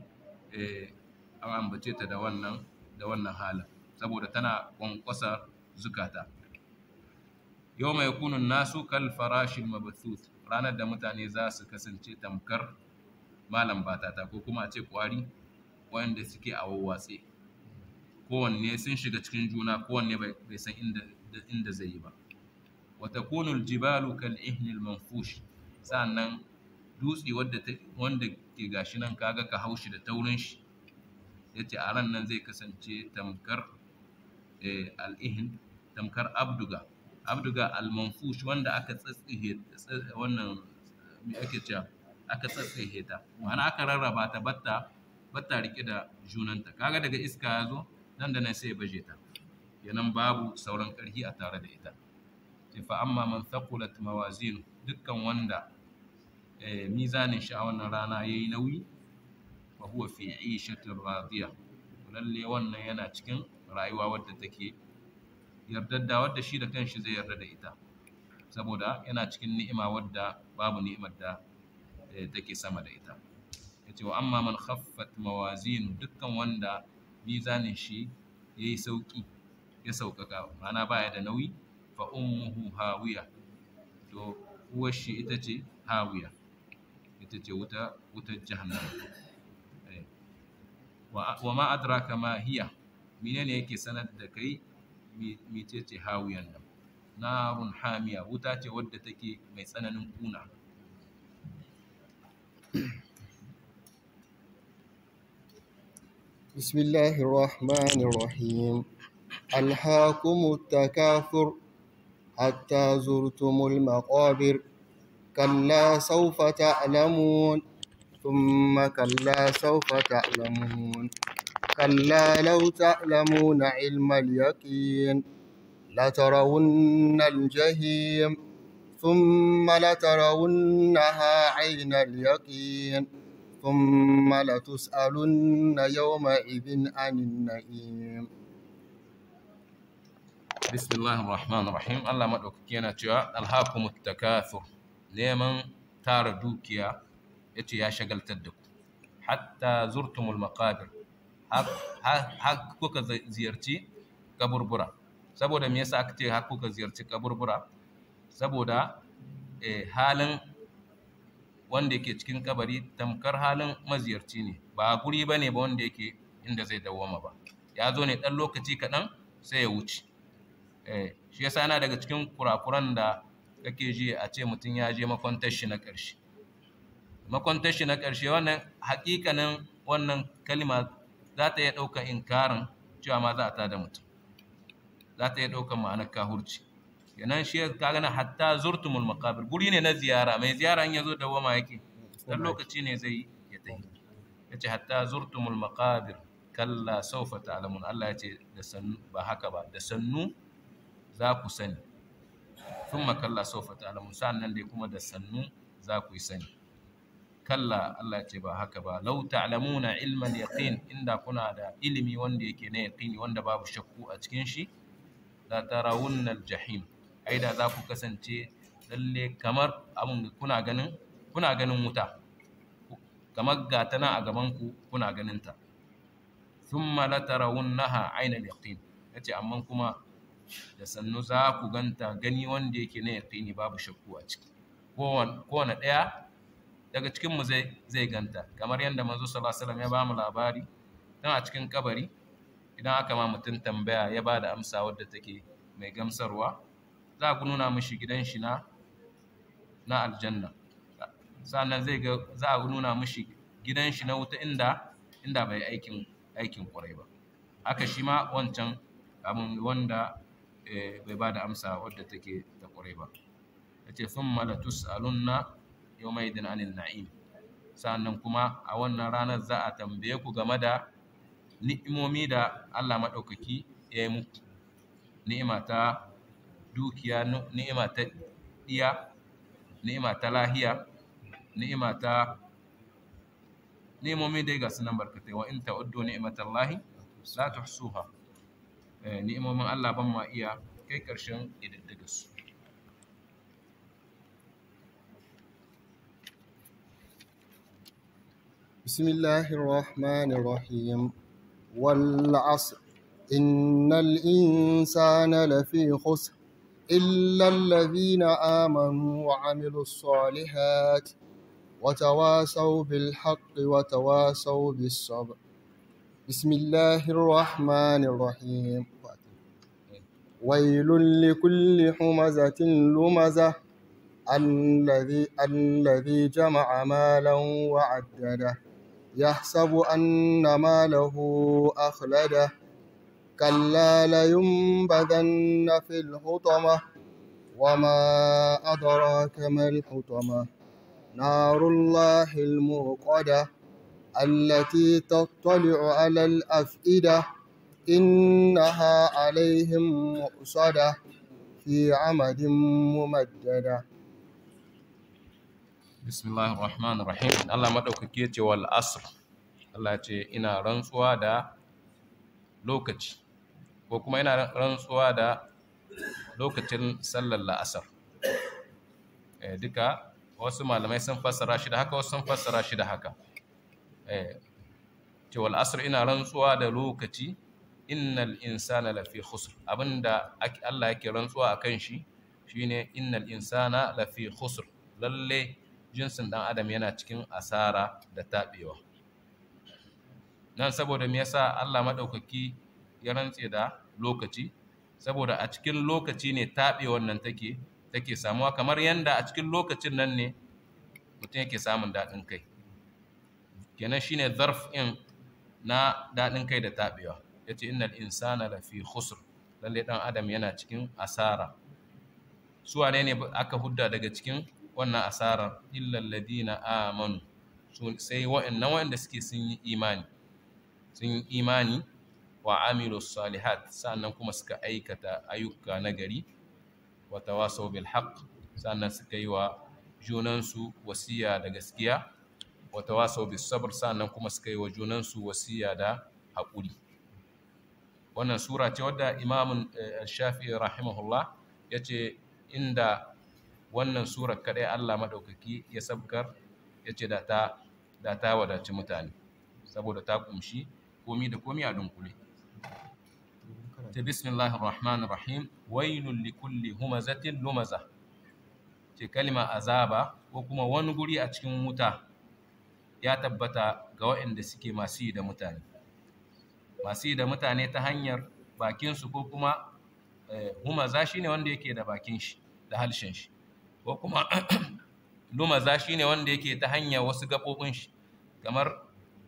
an ambace ta da wannan da wannan halin saboda tana ƙwanƙwasar zukata yau mai kunun nasu kan farashin mabathuth ranar da mutane za su kasance tamkar malam batata ko kuma a ce kwari wanda suke a wawwatse kowanne sun shiga cikin juna kowanne bai san inda zai yi ba wata konul jibalu kal ihnil manfush nan dutse wanda ke gashi nan kaga ka haushi da taurin shi ya ce a ran nan zai kasance tamkar eh, al'ihin tamkar abduga abduga Almanfush, wanda aka tsatsihe wannan mai ake cewa aka tsatsihe ta ma'ana aka rarraba ta batta batta rike da junanta kaga daga iska ya zo nan da nan sai ya baje ta kenan babu sauran karhi a tare da ita ce fa amma man thaqulat mawazin dukkan wanda eh, mizanin shi a wannan rana yayi nauyi fa huwa fi 'ishatin radiya lalle wannan yana cikin rayuwa wadda take Yarda da wadda shi da kanshi zai yarda da ita saboda yana cikin ni'ima wadda babu ni'imar da eh, take sama da ita yace wa amma man khaffat mawazin dukkan wanda mizanin shi yayi sauki ya saukaka mana baya da nauyi fa ummuhu hawiya to uwar shi ita ce hawiya ita ce wuta wutar eh. wa ma adraka ma hiya menene yake sanar da kai mecece hawiyan nan narun hamiya wuta ce wadda take mai tsananin kuna بسم الله الرحمن الرحيم ألهاكم التكاثر حتى زرتم المقابر كلا سوف تعلمون ثم كلا سوف تعلمون كلا لو تعلمون علم اليقين لترون الجهيم ثم لترونها عين اليقين ثم لتسألن يومئذ عن النعيم بسم الله الرحمن الرحيم الله ما أكينا cewa الهاكم التكاثر ليمن تاردوكيا إتي يا yace حتى زرتم المقابر har kuka ziyarci kaburbura saboda me yasa aka ce har kuka ziyarci kaburbura saboda eh, halin wanda yake cikin kabari tamkar halin maziyarci ne ba guri ba ne ba wanda yake inda zai dawoma ba ya zo ne ɗan lokaci kaɗan sai ya wuce eh, shi yasa na daga cikin kurakuran da kake ji a ce mutum ya je makwantar na ƙarshe makwantar shi na ƙarshe wannan haƙiƙanin wannan kalma za ta iya ɗaukar inkarin cewa ma za a tada mutum za ta iya ɗaukar ma'anar kahurci kenan shi ka gana hatta zurtumul makabir guri ne na ziyara mai ziyara in ya zo dawama yake dan lokaci ne zai ya tafi ya ce hatta zurtumul makabir kalla saufa ta'lamun Allah ya ce da sannu ba haka ba da sannu za ku sani thumma kalla saufa ta'lamun sannan dai kuma da sannu za ku yi sani kalla Allah ce ba haka ba law ta'lamuna ilman yaqin inda kuna da ilimi wanda yake na yaqini wanda babu shakku a cikin shi la tarawunna al-jahim ai da za ku kasance lalle kamar abun kuna ganin kuna ganin wuta kamar gata nan a gaban ku kuna ganin ta thumma la tarawunnaha ayna yaqin yace amma kuma da sannu za ku ganta gani wanda yake na yaqini babu shakku a ciki kowane ɗaya daga cikin mu zai ganta kamar yadda manzo sallallahu ya ba mu labari dan a cikin kabari idan aka ma mutum tambaya ya ba da amsa wadda take mai gamsarwa za ku nuna mishi gidan shi na na aljanna sannan zai ga za a nuna mishi gidan shi na wuta inda inda bai aikin aikin kwarai ba haka shi ma wancan abin wanda eh, bai ba da amsa wadda take da kwarai ba ya ce sun yawmaidin anil na'im Sannan kuma a wannan ranar za a tambaye ku game da ni'imomi da Allah maɗaukaki ya yi muku ni'ima ta dukiya ni'ima ta iya ni'ima ta lahiya ni'ima ta ni'imomi dai ga sunan barkatai wa in ta ta'uddu ni'matallahi la tuhsuha eh, ni'imomin Allah ban ma iya kai ƙarshen ƙididdiga su بسم الله الرحمن الرحيم والعصر إن الإنسان لفي خسر إلا الذين آمنوا وعملوا الصالحات وتواصوا بالحق وتواصوا بالصبر بسم الله الرحمن الرحيم ويل لكل حمزة لمزة الذي الذي جمع مالا وعدده يحسب أن ماله أخلده كلا لينبذن في الحطمة وما أدراك ما الحطمة نار الله الموقدة التي تطلع على الأفئدة إنها عليهم مؤصدة في عمد ممددة bismillahir rahmanir rahim Allah madaukake ya ce wal asr Allah ce ina rantsuwa da lokaci ko kuma ina rantsuwa da lokacin sallar la'asar eh duka wasu malamai sun fassara shi da haka wasu sun fassara shi da haka eh ce wal asr ina rantsuwa da lokaci innal insana lafi khusr abinda Allah yake rantsuwa akan shi shine innal insana lafi khusr lalle jinsin ɗan adam yana cikin asara da taɓewa nan saboda me yasa Allah maɗaukaki ya rantse da lokaci saboda a cikin lokaci ne taɓewar nan take take samuwa kamar yadda a cikin lokacin nan ne mutum yake samun daɗin kai kenan shine zarf in na daɗin kai da taɓewa ya ce innal insana lafi khusr lalle ɗan adam yana cikin asara su ne aka hudda daga cikin wannan asarar illal ladina amanu sai wa'annan wa'anda suke sun yi imani sun yi imani wa amilu salihat sannan kuma suka aikata ayyuka nagari wa tawasaw bil haqq sannan suka yi wa junansu wasiya da gaskiya wa tawasaw bis sabr sannan kuma suka yi wa junansu wasiya da haƙuri wannan sura ce wadda imamun eh, shafi'i rahimahullah yace inda wannan surar kaɗai Allah maɗaukaki ya sabkar ya ce da ta wadaci mutane saboda ta ƙumshi komi da komi a dunkule ta bismillahi rahmanir rahim wailul likulli humazatin lumaza ce kalima azaba ko kuma wani guri a cikin wuta ya tabbata ga waɗanda suke masu yi da mutane masu yi da mutane ta hanyar bakinsu ko kuma eh, humaza ne wanda yake da bakin shi da halshen shi ko kuma lumaza ne wanda yake ta hanya wasu gaɓoɓin shi kamar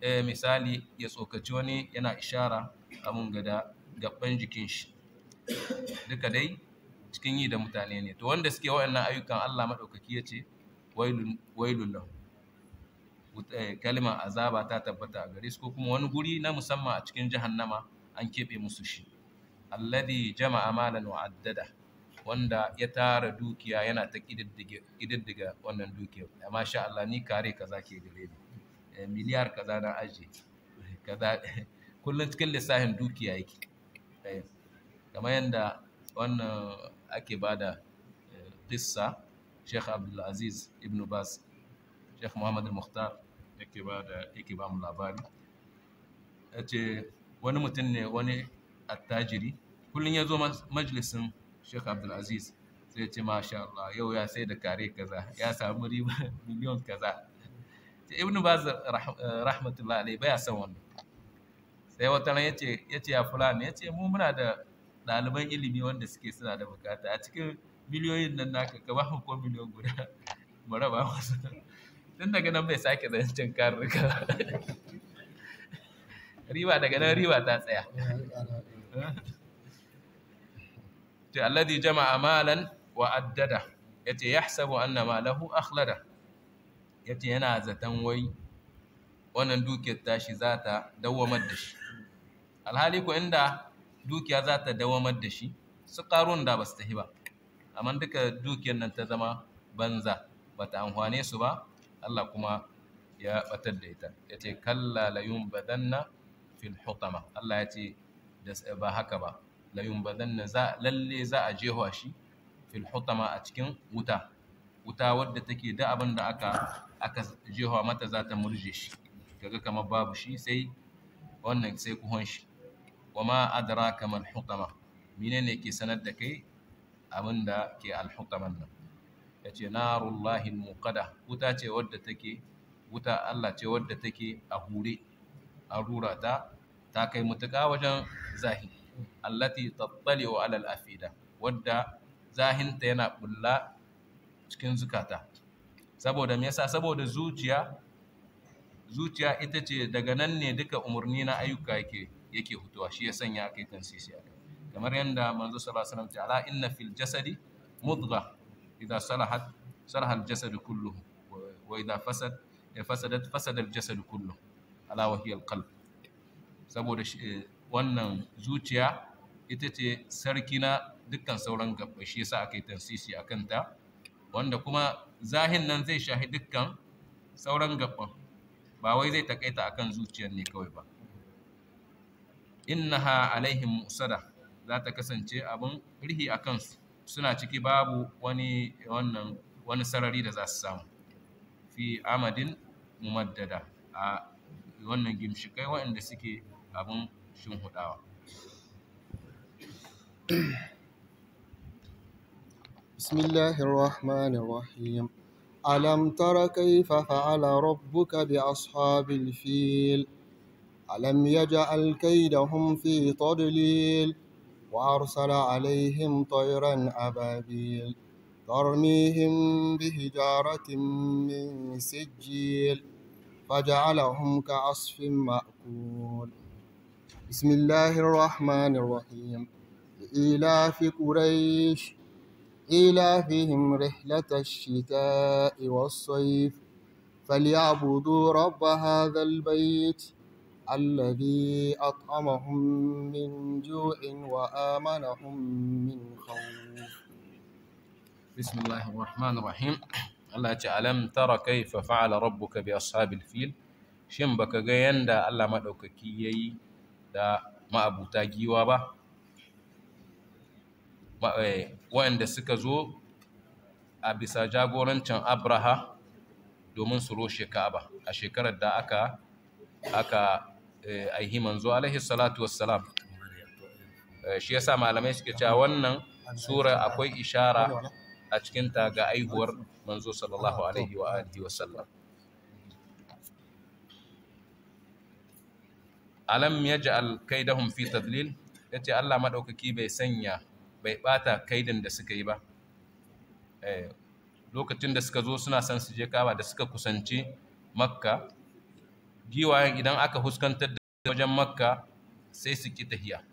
eh, misali ya tsokaci wani yana ishara abun gada gaban jikin shi duka dai cikin yi da mutane ne to wanda suke waɗannan ayyukan Allah maɗaukaki ya ce Wailu lahu eh, azaba ta tabbata a gare su ko kuma wani guri na musamman a cikin jahannama an keɓe musu shi alladhi jama'a malan wa wanda ya tara dukiya yana ta ƙididdiga wannan dukiyar amma eh, sha Allah ni kare kaza ke gare ni eh, miliyar kaza na aje kaza kullum cikin lissafin dukiya yake eh, kamar yadda wannan ake bada qissa Sheikh Abdul Aziz Ibn Bas Sheikh Muhammad Al-Mukhtar yake da yake ba mu labari yace wani mutum ne wani attajiri kullum ya zo majalisin Sheikh Aziz sai ce masha Allah yau ya sai da kare kaza ya samu riba miliyon kaza ce Ibn Baz rahmatullah alai baya san wannan sai wata ran yace yace ya fulani yace mu muna da ɗaliban ilimi wanda suke suna da bukata a cikin miliyoyin nan naka ka ba ko miliyon guda mu raba musu tun daga nan bai sake zancen karnuka riba daga nan riba ta tsaya ta alladhi jama'a malan wa addada yace yahsabu anna malahu akhlada yace yana zaton wai wannan dukiyar tashi za ta dawamar da shi alhali ko inda dukiya za ta dawamar da shi su karun da ba su tahi ba amma duka dukiyar nan ta zama banza ba ta amfane su ba Allah kuma ya batar da ita ya kalla layun badanna fil hutama Allah ya ce ba haka ba layumbadanna za lalle za a jefa shi fil hutama a cikin wuta wuta wadda take da abin da aka aka jefa mata za ta murje shi kaga kamar babu shi sai wannan sai kuhon shi ma adraka mal hutama menene ke sanar da kai abin da ke al hutaman nan yace narullahi al muqada wuta ce wadda take wuta Allah ce wadda take a hure a rura ta ta kai mutuka wajen zahiri allati tattali wa alal afida wadda zahinta yana bulla cikin zukata saboda me yasa saboda zuciya zuciya ita ce daga nan ne duka umarni na ayyuka yake yake hutuwa shi ya sanya kai kan sisi kamar yadda manzo sallallahu alaihi wasallam ce ala inna fil jasadi mudgha idza salahat salaha al jasad kulluhu wa idza fasad fasadat fasada al jasad kulluhu ala wa hiya al qalb saboda eh, wannan zuciya ita ce sarki na dukkan sauran gabbai shi yasa aka yi tarsisi a kanta wanda kuma zahin nan zai shahi dukkan sauran gabban ba wai zai takaita kan zuciyar ne kawai ba innaha alaihim musada za ta kasance abin rihi a kansu suna ciki babu wani sarari da za su samu fi amadin mumaddada a wannan gimshikai waɗanda suke abin hudawa. بسم الله الرحمن الرحيم ألم تر كيف فعل ربك بأصحاب الفيل ألم يجعل كيدهم في تضليل وأرسل عليهم طيرا أبابيل ترميهم بحجارة من سجيل فجعلهم كعصف مأكول بسم الله الرحمن الرحيم إيلاف قريش إيلافهم رحلة الشتاء والصيف فليعبدوا رب هذا البيت الذي أطعمهم من جوع وآمنهم من خوف بسم الله الرحمن الرحيم الله تعالى ترى كيف فعل ربك بأصحاب الفيل شمبك baka الله ما Allah يي دا ما أبو تاجي وابا waɗanda eh, suka zo a bisa jagorancin abraha domin su roshe ka'aba a shekarar da aka aka eh, aihi manzo alaihi salatu wassalam eh, shi ya sa malamai suke cewa wannan sura akwai ishara a cikinta ga aihuwar manzo sallallahu alaihi wa alihi wasallam alam yaj'al kaidahum fi tadlil yace Allah madaukaki bai sanya bai bata kaidan da suka yi ba eh, lokacin da suka zo suna son su je kaba da suka kusanci makka giwayen idan aka huskantar da wajen makka sai su ki tahiya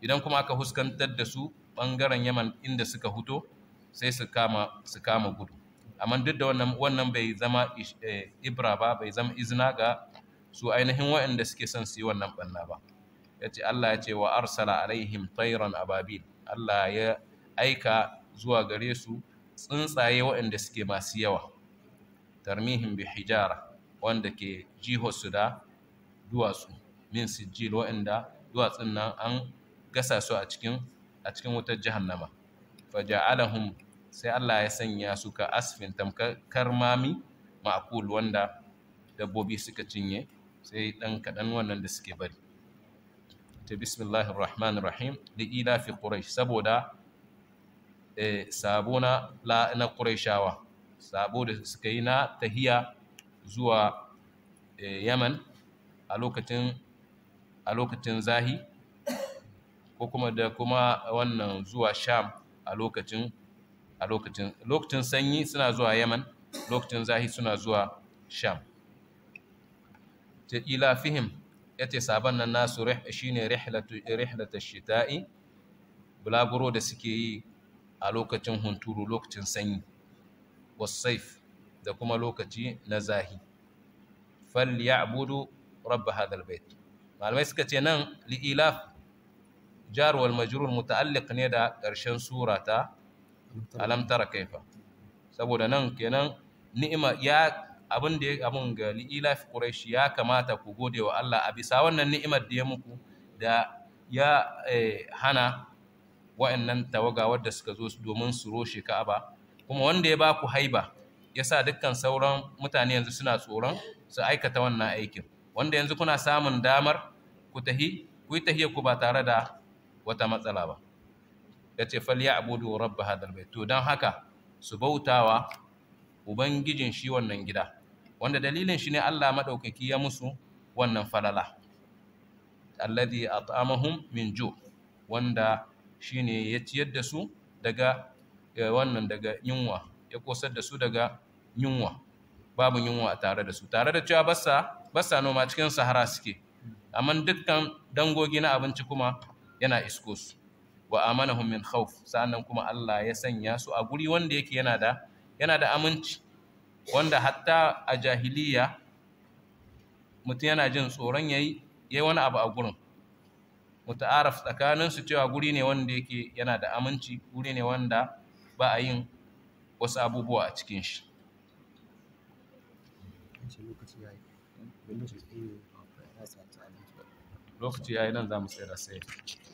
idan kuma aka huskantar da su ɓangaren yaman inda suka huto sai su kama gudu amma duk da wannan bai zama eh, ibra ba bai zama izina ga su ainihin waɗanda suke son su yi wannan ɓanna ba ya ce allah ya ce wa arsala alaihim tairan ababil Allah ya aika zuwa gare su tsuntsaye waɗanda suke masu yawa tarmihin bi hijara wanda ke su da duwatsu min sijil waɗanda duwatsun nan an gasa su a cikin wutar jahannama faja'alahum sai Allah ya sanya su ka asfin tamkar mami ma'akul wanda dabbobi suka cinye sai ɗan kaɗan wannan da suke bari ta bismillahir rahman rahim da ila fi quraish saboda eh sabo na sabo da suka yi na tahiya zuwa eh, yaman a a lokacin zahi ko kuma da kuma wannan zuwa sham a lokacin a lokacin lokacin sanyi suna zuwa yaman lokacin zahi suna zuwa sham ta ila fihim ya ce sabon nan nasu shi ne rihlata shita'i bulaguro da suke yi a lokacin hunturu lokacin sanyi wasaif da kuma lokaci na zahi fal abudu rabba hadal bait malamai suka ce nan li'ilaf jar wal majrur muta'alliq ne da ƙarshen surata alam tara kaifa saboda nan kenan ni'ima ya abin da ya abin ga fi ya kamata ku gode wa Allah a bisa wannan ni'imar da ya muku da ya eh, hana wa'annan tawaga wadda suka zo domin su roshe Ka'aba kuma wanda ya baku haiba ya sa dukkan sauran mutane yanzu suna tsoron su aikata wannan aikin wanda yanzu kuna samun damar ku tahi ku yi tahiyar ku ba tare da wata matsala ba ya ce fal ya'budu rabb hadal bait to dan haka su bautawa ubangijin shi wannan gida wanda dalilin shi ne Allah maɗaukaki ya musu wannan falala alladhi at'amahum min ju wanda shine ya ciyar da su daga eh, wannan daga yunwa ya kosar da su daga yunwa babu yunwa tare da su tare da cewa basa basa noma cikin sahara suke amma dukkan dangogi na abinci kuma yana isko su wa amanahum min khawf sa'annan kuma Allah ya sanya su a guri wanda yake yana yana da aminci wanda hatta a jahiliya mutum yana jin tsoron yayi yayi wani abu a gurin muta'araf tsakanin su cewa guri ne wanda yake yana da aminci guri ne wanda ba a yin wasu abubuwa a cikin shi lokaci ya yi nan za mu tsira sai